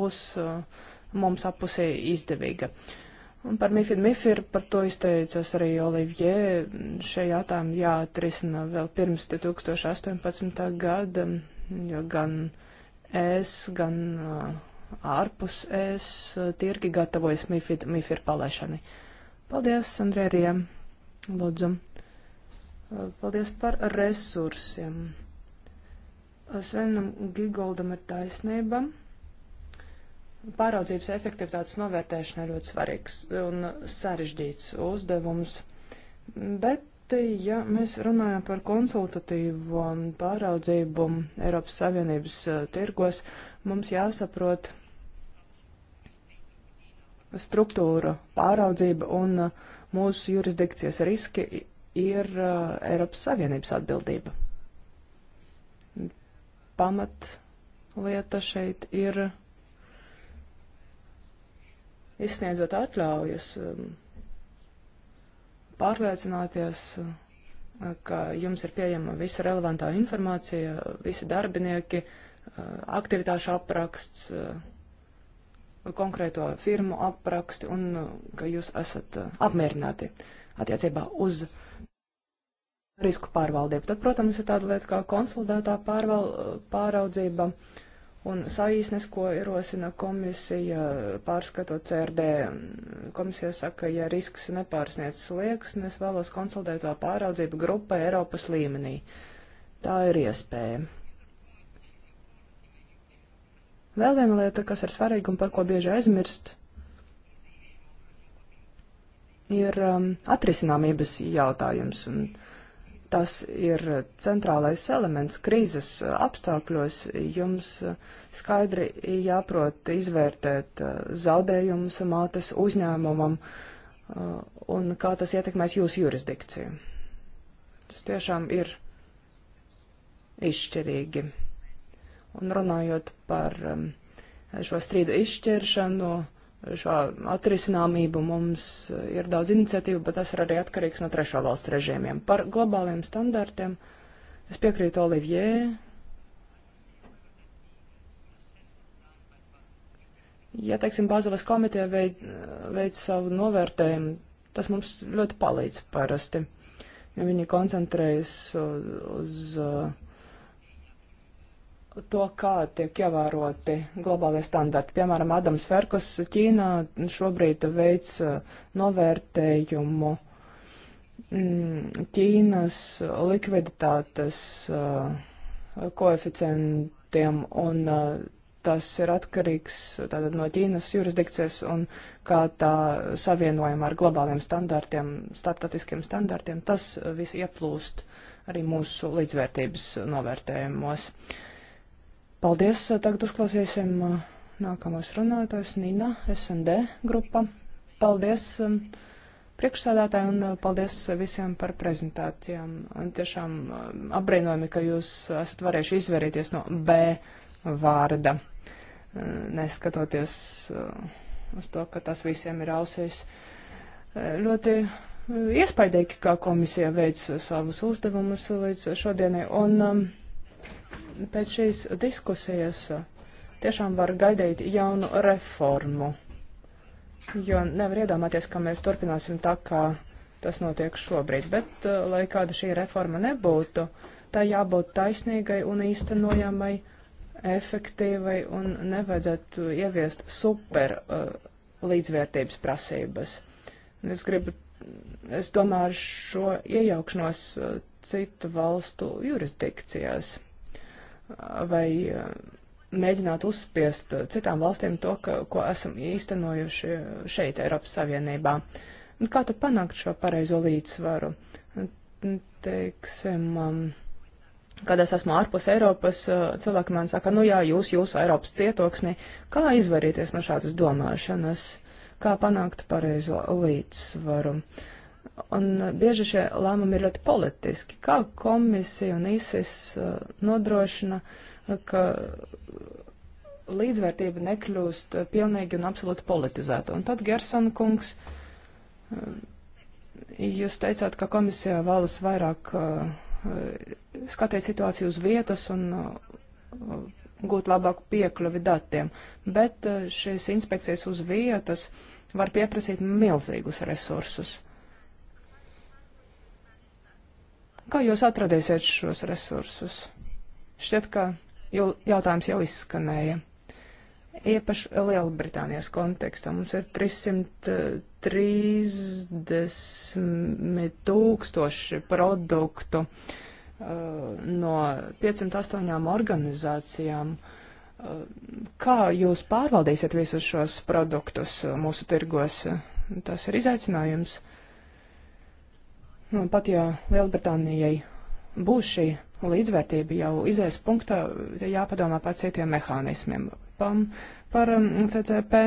būs mums apusē izdevīga. Un par Mifid Mifir par to izteicas arī Olivier. Šie jautājumi jāatrisina vēl pirms 2018. gada, jo gan es, gan uh, ārpus es eh, tirgi gatavojas MIFID, MIFIR palaišanai. Paldies, Andrērija. Lūdzu. Eh, paldies par resursiem. Svenam Gigoldam ir taisnība. Pāraudzības efektivitātes novērtēšana ir ļoti svarīgs un sarežģīts uzdevums. Bet, ja mēs runājam par konsultatīvo pāraudzību Eiropas Savienības eh, tirgos, mums jāsaprot, struktūra, pāraudzība un uh, mūsu jurisdikcijas riski ir uh, Eiropas Savienības atbildība. Pamat lieta šeit ir izsniedzot atļaujas, um, pārliecināties, uh, ka jums ir pieejama visa relevantā informācija, visi darbinieki, aktivitāšu apraksts, konkrēto firmu apraksti un uh, ka jūs esat uh, apmierināti attiecībā uz risku pārvaldību. Tad, protams, ir tāda lieta kā konsolidētā pārval, pāraudzība un saīsnes, ko ierosina komisija, pārskatot CRD. Komisija saka, ja risks nepārsniec slieksnes, vēlos konsolidētā pāraudzība grupa Eiropas līmenī. Tā ir iespēja. Vēl viena lieta, kas ir svarīga un par ko bieži aizmirst, ir um, atrisināmības jautājums. Un tas ir centrālais elements krīzes apstākļos. Jums skaidri jāprot izvērtēt uh, zaudējumus mātes uzņēmumam uh, un kā tas ietekmēs jūsu jurisdikciju. Tas tiešām ir izšķirīgi. Un runājot par um, šo strīdu izšķiršanu, šo atrisināmību mums ir daudz iniciatīvu, bet tas ir arī atkarīgs no trešo valstu režīmiem. Par globāliem standartiem es piekrītu Olivier. Ja, teiksim, Bāzeles komiteja veic, veic savu novērtējumu, tas mums ļoti palīdz parasti, jo viņi koncentrējas uz, uz uh, to, kā tiek ievēroti globālie standarti. Piemēram, Adams Ferkus Ķīnā šobrīd veic uh, novērtējumu mm, Ķīnas likviditātes uh, koeficientiem, un uh, tas ir atkarīgs tātad, no Ķīnas jurisdikcijas un kā tā savienojama ar globāliem standartiem, startautiskiem standartiem. Tas viss ieplūst arī mūsu līdzvērtības novērtējumos. Uh, Paldies. Eh, tagad uzklausīsim eh, nākamos runātājs Nina SND grupa. Paldies eh, priekšsādātāji un paldies visiem par prezentācijām. Un tiešām apbrīnojami, ka jūs esat varējuši izvērīties no B vārda, neskatoties uz to, ka tas visiem ir ausīs. Ļoti iespaidīgi, kā komisija veic savus uzdevumus līdz šodienai. Un, um, pēc šīs diskusijas uh, tiešām var gaidīt jaunu reformu, jo nevar iedomāties, ka mēs turpināsim tā, kā tas notiek šobrīd. Bet, uh, lai kāda šī reforma nebūtu, tā jābūt taisnīgai un īstenojamai, efektīvai un nevajadzētu ieviest super uh, līdzvērtības prasības. Es gribu, es domāju, ar šo iejaukšanos uh, citu valstu jurisdikcijās vai eh, mēģināt uzspiest citām valstīm to, ka, ko esam īstenojuši šeit, Eiropas Savienībā. Un kā tad panākt šo pareizo līdzsvaru? Teiksim, um, kad es esmu ārpus Eiropas, eh, cilvēki man saka, nu jā, jūs, jūs Eiropas cietoksnī, kā izvairīties no šādas domāšanas, kā panākt pareizo līdzsvaru? Uh, Un bieži šie lēmumi ir ļoti politiski. Kā komisija un ISIS uh, nodrošina, uh, ka līdzvērtība nekļūst uh, pilnīgi un absolūti politizēta. Un tad Gersona kungs, jūs teicāt, ka komisija vēlas vairāk skatīt situāciju uz vietas un gūt labāku piekļuvi datiem, bet šīs inspekcijas uz vietas var pieprasīt milzīgus resursus. Kā jūs atradīsiet šos resursus? Šķiet, ka jau jautājums jau izskanēja. Iepaši Lielbritānijas kontekstā mums ir 330 tūkstoši produktu uh, no 508 organizācijām. Uh, kā jūs pārvaldīsiet visus šos produktus uh, mūsu tirgos? Tas ir izaicinājums. Nu, pat ja Lielbritānijai būs šī līdzvērtība jau izējas punktā, jāpadomā par citiem mehānismiem. Pam, par um, CCP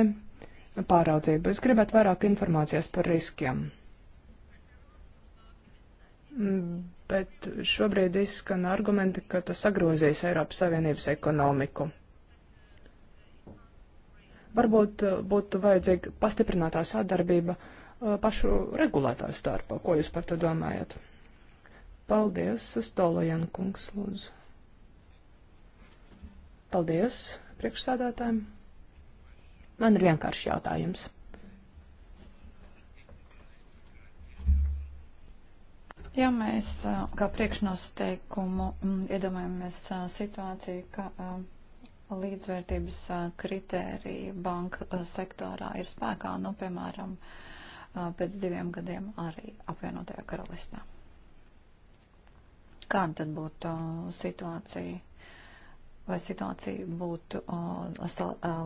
pāraudzību. Es gribētu vairāk informācijas par riskiem. Mm, bet šobrīd izskan argumenti, ka tas sagrozīs Eiropas Savienības ekonomiku. Varbūt uh, būtu vajadzīga pastiprinātā sadarbība uh, Uh, pašu regulētāju starpā. Ko jūs par to domājat? Paldies, Stolajan kungs, lūdzu. Paldies priekšsādātājiem. Man ir vienkārši jautājums. Ja mēs uh, kā priekšnosteikumu mm, iedomājamies uh, situāciju, ka līdzvērtības kritērija banka sektorā ir spēkā, nu, piemēram, uh, pēc diviem gadiem arī apvienotajā karalistā. Kāda tad būtu situācija? Vai situācija būtu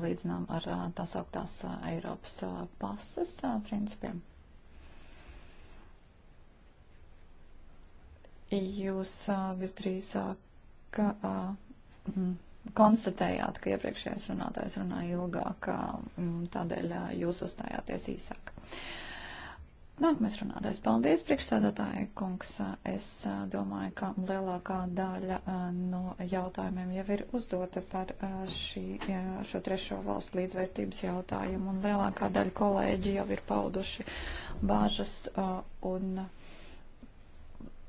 līdzinām ar tās augtās Eiropas pasas principiem? Jūs visdrīzāk konstatējāt, ka iepriekšējais runātājs runāja ilgāk, tādēļ jūs uzstājāties īsāk. Uh, Nākamais runātājs. Paldies, priekšstādātāji kungs. Es domāju, ka lielākā daļa no jautājumiem jau ir uzdota par šī, šo trešo valstu līdzvērtības jautājumu, un lielākā daļa kolēģi jau ir pauduši bāžas un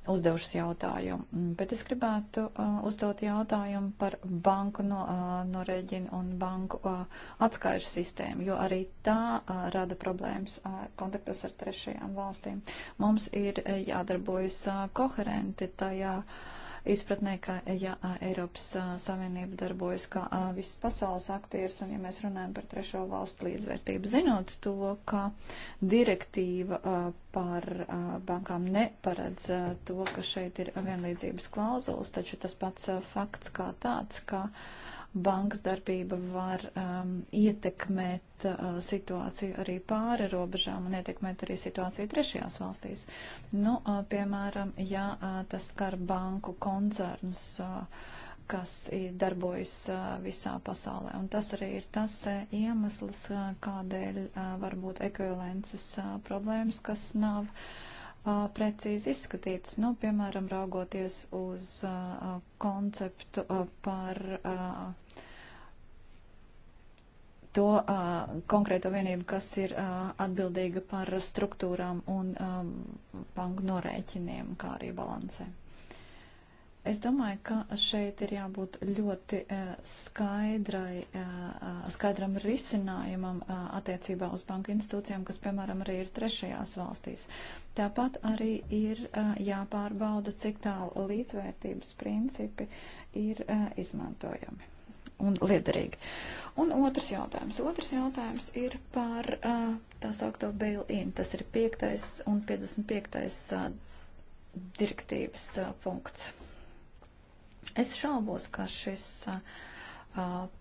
uzdevušas jautājumu, mm, bet es gribētu uh, uzdot jautājumu par banku no, uh, norēģinu un banku uh, atskaišu sistēmu, jo arī tā uh, rada problēmas uh, kontaktos ar trešajām valstīm. Mums ir uh, jādarbojas uh, koherenti tajā. Uh, izpratnē, ka ja Eiropas Savienība darbojas kā viss pasaules aktieris, un ja mēs runājam par trešo valstu līdzvērtību, zinot to, ka direktīva par bankām neparedz to, ka šeit ir vienlīdzības klauzulas, taču tas pats fakts kā tāds, ka. Kā bankas darbība var um, ietekmēt uh, situāciju arī pāri robežām un ietekmēt arī situāciju trešajās valstīs. Nu, uh, piemēram, ja uh, tas skar banku koncernus. Uh, kas darbojas uh, visā pasaulē. Un tas arī ir tas uh, iemesls, uh, kādēļ varbūt ekvivalences problēmas, kas nav uh, precīzi izskatītas. Nu, piemēram, raugoties uz konceptu par to uh, konkrēto vienību, kas ir uh, atbildīga par struktūrām un um, banku norēķiniem, kā arī balansēm. Es domāju, ka šeit ir jābūt ļoti eh, skaidrai, eh, eh, skaidram risinājumam attiecībā uz banku institūcijām, kas, piemēram, arī ir trešajās valstīs. Tāpat arī ir jāpārbauda, cik tālu līdzvērtības principi ir izmantojami un liederīgi. Un otrs jautājums. Otrs jautājums ir par tā saukto bail-in. Tas ir 5. un 55. direktīvas punkts. Es šaubos, ka šis uh,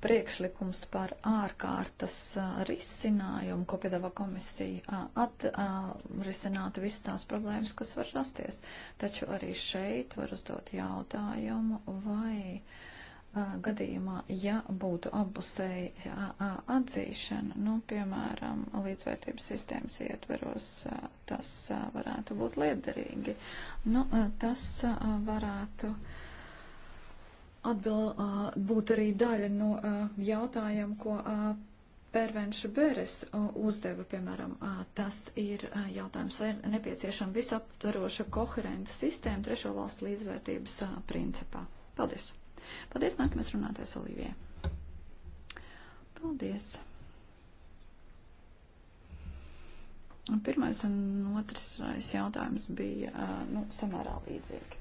priekšlikums par ārkārtas uh, risinājumu, ko piedāvā komisija, uh, atrisināt visas tās problēmas, kas var rasties. Taču arī šeit var uzdot jautājumu, vai gadījumā, ja būtu abusēji atzīšana, nu, piemēram, līdzvērtības sistēmas ietveros, tas varētu būt liederīgi. Nu, tas varētu atbild būtu arī daļa no jautājuma, ko Pērvenša Beres uzdeva, piemēram, tas ir jautājums, vai ir nepieciešama visaptvaroša koherenta sistēma trešo valstu līdzvērtības principā. Paldies! Paldies, nākamais runātais Olivijai. Paldies! Pirmais un otrs jautājums bija nu, samērā līdzīgi.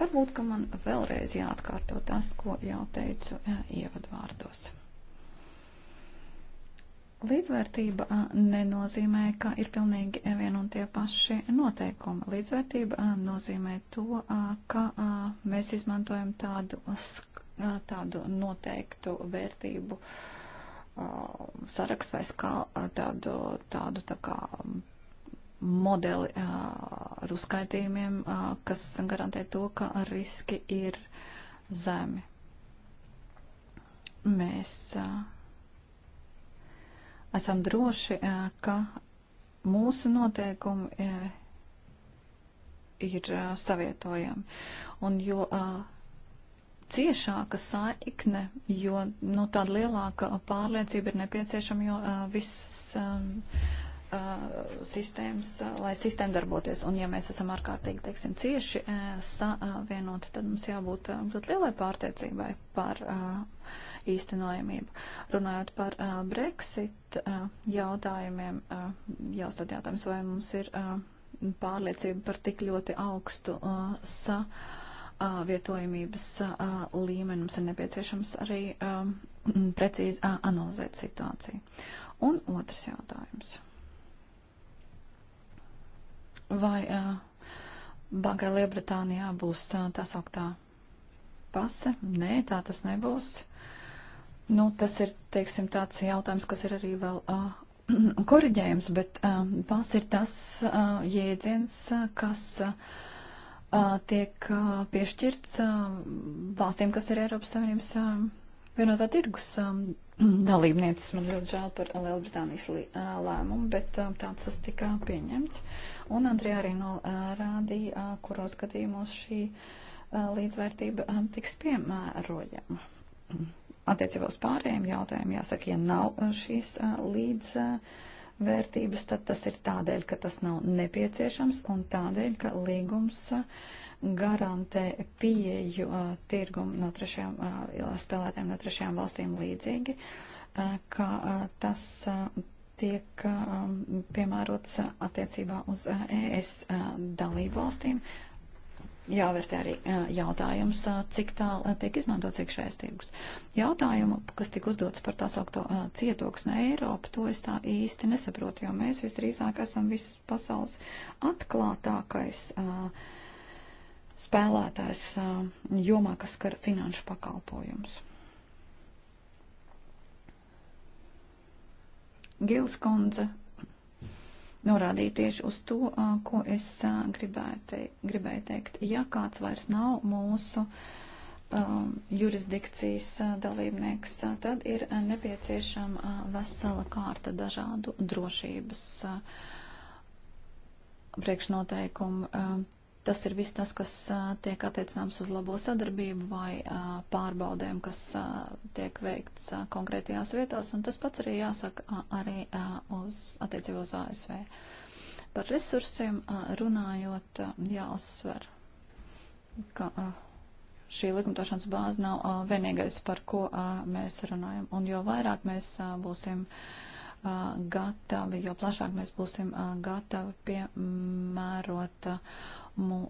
Varbūt, ka man vēlreiz jāatkārto tas, ko jau teicu e, ievadvārdos. Līdzvērtība e, nenozīmē, ka ir pilnīgi vien un tie paši noteikumi. Līdzvērtība e, nozīmē to, ka mēs izmantojam tādu, tādu noteiktu vērtību sarakstu vai skala, tādu, tādu tā kā modeli ar uzskaitījumiem, kas garantē to, ka riski ir zemi. Mēs esam droši, ka mūsu noteikumi ir savietojami. Un jo ciešāka saikne, jo nu, tāda lielāka pārliecība ir nepieciešama, jo visas uh, sistēmas, uh, lai sistēma darboties. Un ja mēs esam ārkārtīgi, teiksim, cieši uh, savienoti, tad mums jābūt uh, ļoti lielai pārtiecībai par uh, īstenojamību. Runājot par uh, Brexit uh, jautājumiem, uh, jāuzdod jautājums, vai mums ir uh, pārliecība par tik ļoti augstu uh, sa uh, vietojamības uh, līmeni. Mums ir nepieciešams arī uh, precīzi uh, analizēt situāciju. Un otrs jautājums vai uh, bankai Liebritānijā būs uh, tā sauktā pase? Nē, tā tas nebūs. Nu, tas ir, teiksim, tāds jautājums, kas ir arī vēl uh, [clears throat] koriģējums, bet uh, pase ir tas uh, jēdziens, uh, kas. Uh, tiek piešķirts valstīm, kas ir Eiropas Savienības vienotā tirgus dalībnieces. Man ļoti žēl par Lielbritānijas lēmumu, bet tāds tas tika pieņemts. Un Andrija arī norādīja, kuros gadījumos šī līdzvērtība tiks piemērojama. Attiecībā uz pārējiem jautājumiem jāsaka, ja nav šīs līdzvērtības vērtības, tad tas ir tādēļ, ka tas nav nepieciešams un tādēļ, ka līgums uh, garantē pieeju uh, tirgumu no trešajām, uh, spēlētājiem no trešajām valstīm līdzīgi, uh, kā uh, tas uh, tiek uh, piemērots uh, attiecībā uz uh, ES uh, dalību valstīm, uh, jāvērtē arī jautājums, cik tālu tiek izmantots iekšējais tirgus. Jautājumu, kas tika uzdots par tā saukto cietoksni Eiropu, to es tā īsti nesaprotu, jo mēs visdrīzāk esam visas pasaules atklātākais spēlētājs jomā, kas skar finanšu pakalpojumus. Gils kundze norādīja tieši uz to, ko es gribēju, te, gribēju teikt. Ja kāds vairs nav mūsu um, jurisdikcijas dalībnieks, tad ir nepieciešama vesela kārta dažādu drošības priekšnoteikumu. Um, Tas ir viss tas, kas tiek attiecināms uz labo sadarbību vai pārbaudēm, kas tiek veikts konkrētajās vietās, un tas pats arī jāsaka arī uz attiecībā uz ASV. Par resursiem runājot, jāuzsver, ka šī likumdošanas bāze nav vienīgais, par ko mēs runājam, un jo vairāk mēs būsim gatavi, jo plašāk mēs būsim gatavi piemērot uh,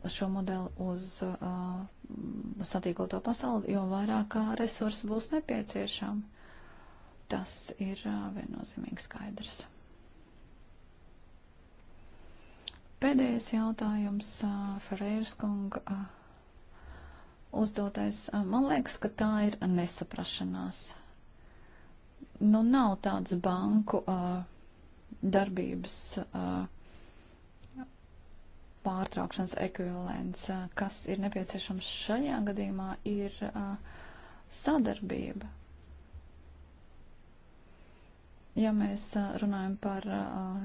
šo modeli uz uh, satīkloto pasauli, jo vairāk uh, resursu būs nepieciešami. Tas ir uh, viennozīmīgi skaidrs. Pēdējais jautājums uh, Ferreiras kunga uh, uzdotais. Uh, man liekas, ka tā ir nesaprašanās. Nu, nav tādas banku uh, darbības. Uh, pārtraukšanas ekvivalents. Kas ir nepieciešams šajā gadījumā, ir sadarbība. Ja mēs runājam par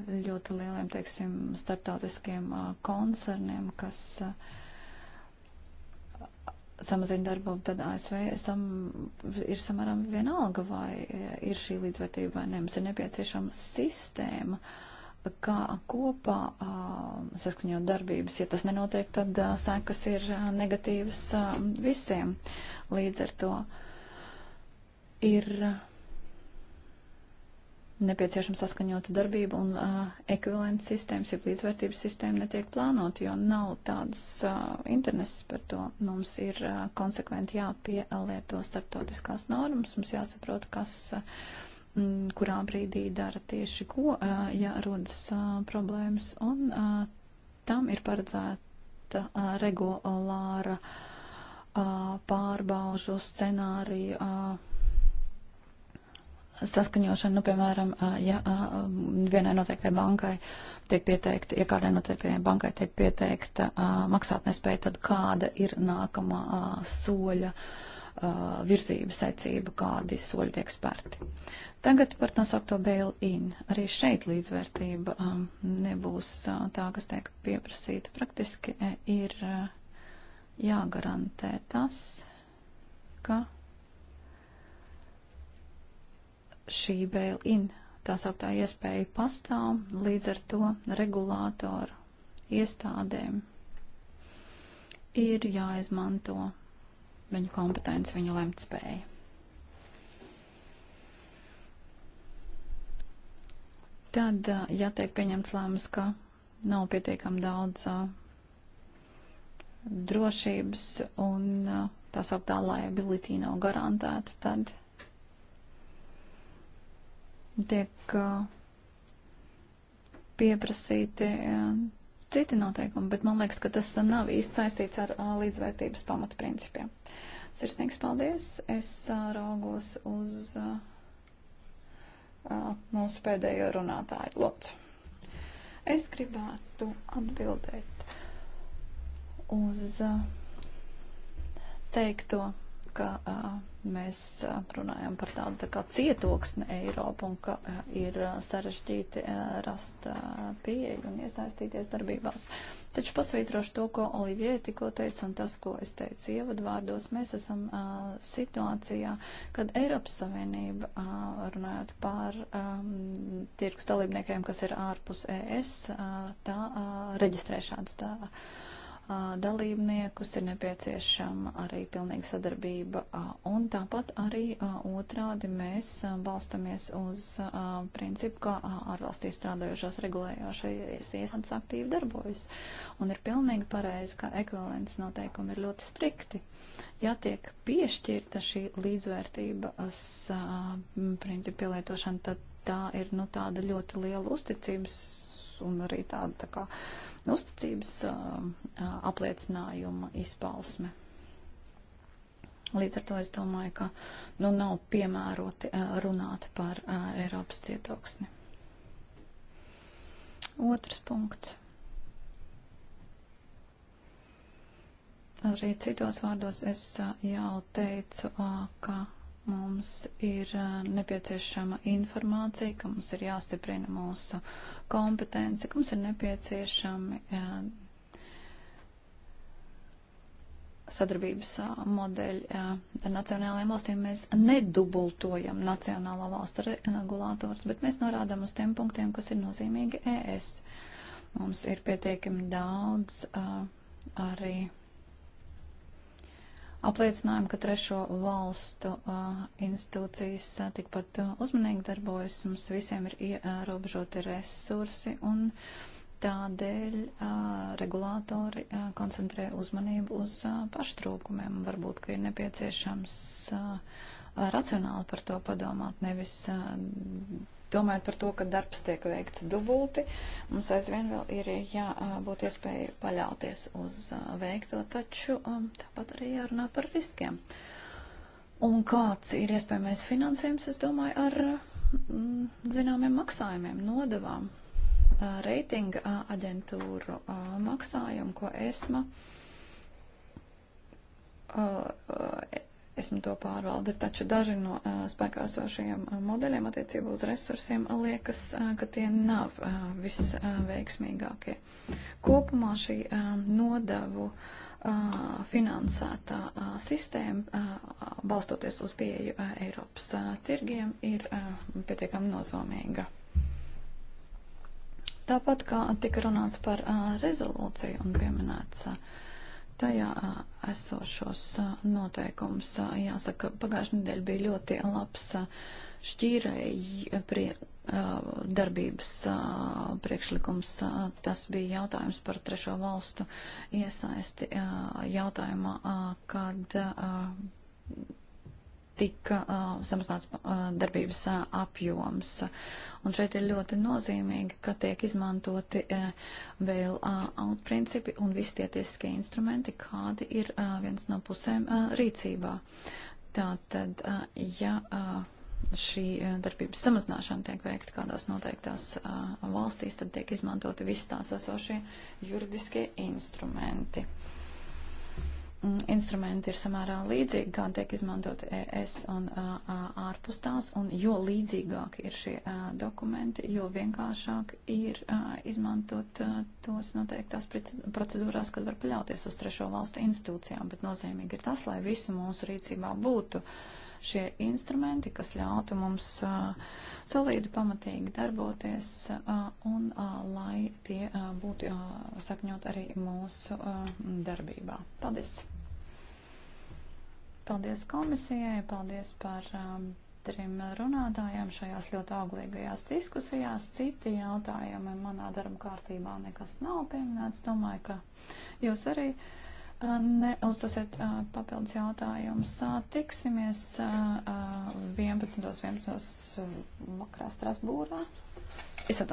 ļoti lieliem, teiksim, starptautiskiem koncerniem, kas samazina darbību, tad ASV sam, ir samērām vienalga, vai ir šī līdzvērtība vai ne. Mums ir nepieciešama sistēma. Uh, kā kopā saskaņot darbības, ja tas nenotiek, tad sekas ir negatīvas visiem. Līdz ar to ir nepieciešama saskaņota darbība un uh, ekvivalents sistēmas, ja līdzvērtības sistēma netiek plānot, jo nav tādas uh, intereses par to. Mums ir uh, konsekventi jāpielieto starptautiskās normas, mums jāsaprot, kas uh, Mm, kurā brīdī dara tieši ko, ja rodas problēmas, un tam ir paredzēta regulāra pārbaužu scenāriju saskaņošana, nu, piemēram, ja vienai noteiktai bankai tiek pieteikta, ja kādai noteiktai bankai tiek pieteikta maksātnespēja, tad kāda ir nākamā soļa uh, uh, virzības secību, kādi soļi tiek spērti. Tagad par tā saukto bail-in. Arī šeit līdzvērtība um, nebūs uh, tā, kas tiek pieprasīta. Praktiski uh, ir uh, jāgarantē tas, ka šī bail-in tā sauktā iespēja pastāv līdz ar to regulātoru iestādēm ir jāizmanto viņu kompetence, viņu lemtspēja. Tad, ja tiek pieņemts lēmums, ka nav pietiekami daudz drošības un tā sauktā liability nav garantēta, tad tiek pieprasīti citi noteikumi, bet man liekas, ka tas uh, nav īsti saistīts ar a, uh, līdzvērtības pamatprincipiem. Sirsnīgs paldies! Es a, uh, raugos uz a, mūsu pēdējo runātāju lotu. Es gribētu atbildēt uz teikto ka uh, mēs runājam par tādu tā kā cietoksni Eiropu un ka uh, ir sarežģīti uh, rast uh, pieeju un iesaistīties darbībās. Taču pasvītrošu to, ko Olivier tikko teica un tas, ko es teicu ievadvārdos, mēs esam uh, situācijā, kad Eiropas Savienība, uh, runājot par um, tirkus dalībniekiem, kas ir ārpus ES, uh, tā uh, reģistrē šādas. Tā, uh, dalībniekus, ir nepieciešama arī pilnīga sadarbība. Un tāpat arī otrādi mēs balstamies uz principu, ka ārvalstī strādājošās regulējošais iesants aktīvi darbojas. Un ir pilnīgi pareizi, ka ekvivalents noteikumi ir ļoti strikti. Ja tiek piešķirta šī līdzvērtības principu pielietošana, tad tā ir nu, tāda ļoti liela uzticības un arī tāda tā kā uzticības apliecinājuma izpausme. Līdz ar to es domāju, ka nu, nav piemēroti runāt par Eiropas cietoksni. Otrs punkts. Arī citos vārdos es jau teicu, ka Mums ir uh, nepieciešama informācija, ka mums ir jāstiprina mūsu kompetence, ka mums ir nepieciešami uh, sadarbības uh, modeļi ar nacionālajiem valstīm. Mēs nedubultojam nacionālo valstu regulātors, bet mēs norādām uz tiem punktiem, kas ir nozīmīgi ES. Mums ir pietiekami daudz arī apliecinājumu, ka trešo valstu uh, institūcijas uh, tikpat uh, uzmanīgi darbojas, mums visiem ir ierobežoti resursi un tādēļ uh, regulātori uh, koncentrē uzmanību uz uh, paštrūkumiem. Varbūt, ka ir nepieciešams uh, racionāli par to padomāt, nevis uh, domājot par to, ka darbs tiek veikts dubulti, mums aizvien vēl ir jābūt iespēja paļauties uz veikto, taču tāpat arī jārunā par riskiem. Un kāds ir iespējamais finansējums, es domāju, ar zināmiem maksājumiem, nodevām, reitinga aģentūru maksājumu, ko ESMA esmu to pārvalde, taču daži no uh, spēkā esošajiem uh, modeļiem attiecībā uz resursiem liekas, uh, ka tie nav uh, visveiksmīgākie. Uh, Kopumā šī uh, nodevu uh, finansētā uh, sistēma, uh, balstoties uz pieeju uh, Eiropas uh, tirgiem, ir uh, pietiekami nozīmīga. Tāpat kā tika runāts par uh, rezolūciju un pieminēts. Uh, tajā esošos noteikumus. Jāsaka, pagājušajā nedēļa bija ļoti labs šķīrēji prie darbības priekšlikums. Tas bija jautājums par trešo valstu iesaisti jautājumā, kad tika uh, samazināts uh, darbības uh, apjoms. Un šeit ir ļoti nozīmīgi, ka tiek izmantoti uh, vēl uh, out principi un visi tie tiesiskie instrumenti, kādi ir uh, viens no pusēm uh, rīcībā. Tātad, uh, ja uh, šī uh, darbības samazināšana tiek veikta kādās noteiktās uh, valstīs, tad tiek izmantoti visi tās esošie juridiskie instrumenti. Uh, Mm, instrumenti ir samērā līdzīgi, kā tiek izmantot ES un ārpus tās, un jo līdzīgāki ir šie dokumenti, jo vienkāršāk ir izmantot tos noteiktās procedūrās, kad var paļauties uz trešo valstu institūcijām, bet nozīmīgi ir tas, lai visu mūsu rīcībā būtu šie instrumenti, kas ļautu mums solīdu pamatīgi darboties un lai tie būtu sakņot arī mūsu darbībā. Paldies! Paldies komisijai, paldies par um, trim runātājiem šajās ļoti auglīgajās diskusijās. Citi jautājumi manā darba kārtībā nekas nav pieminēts. Domāju, ka jūs arī uh, neuzdosiet uh, papildus jautājumus. Uh, tiksimies uh, 11.11. Uh, 11. Uh, vakarā Strasbūrā. Es atvainojos.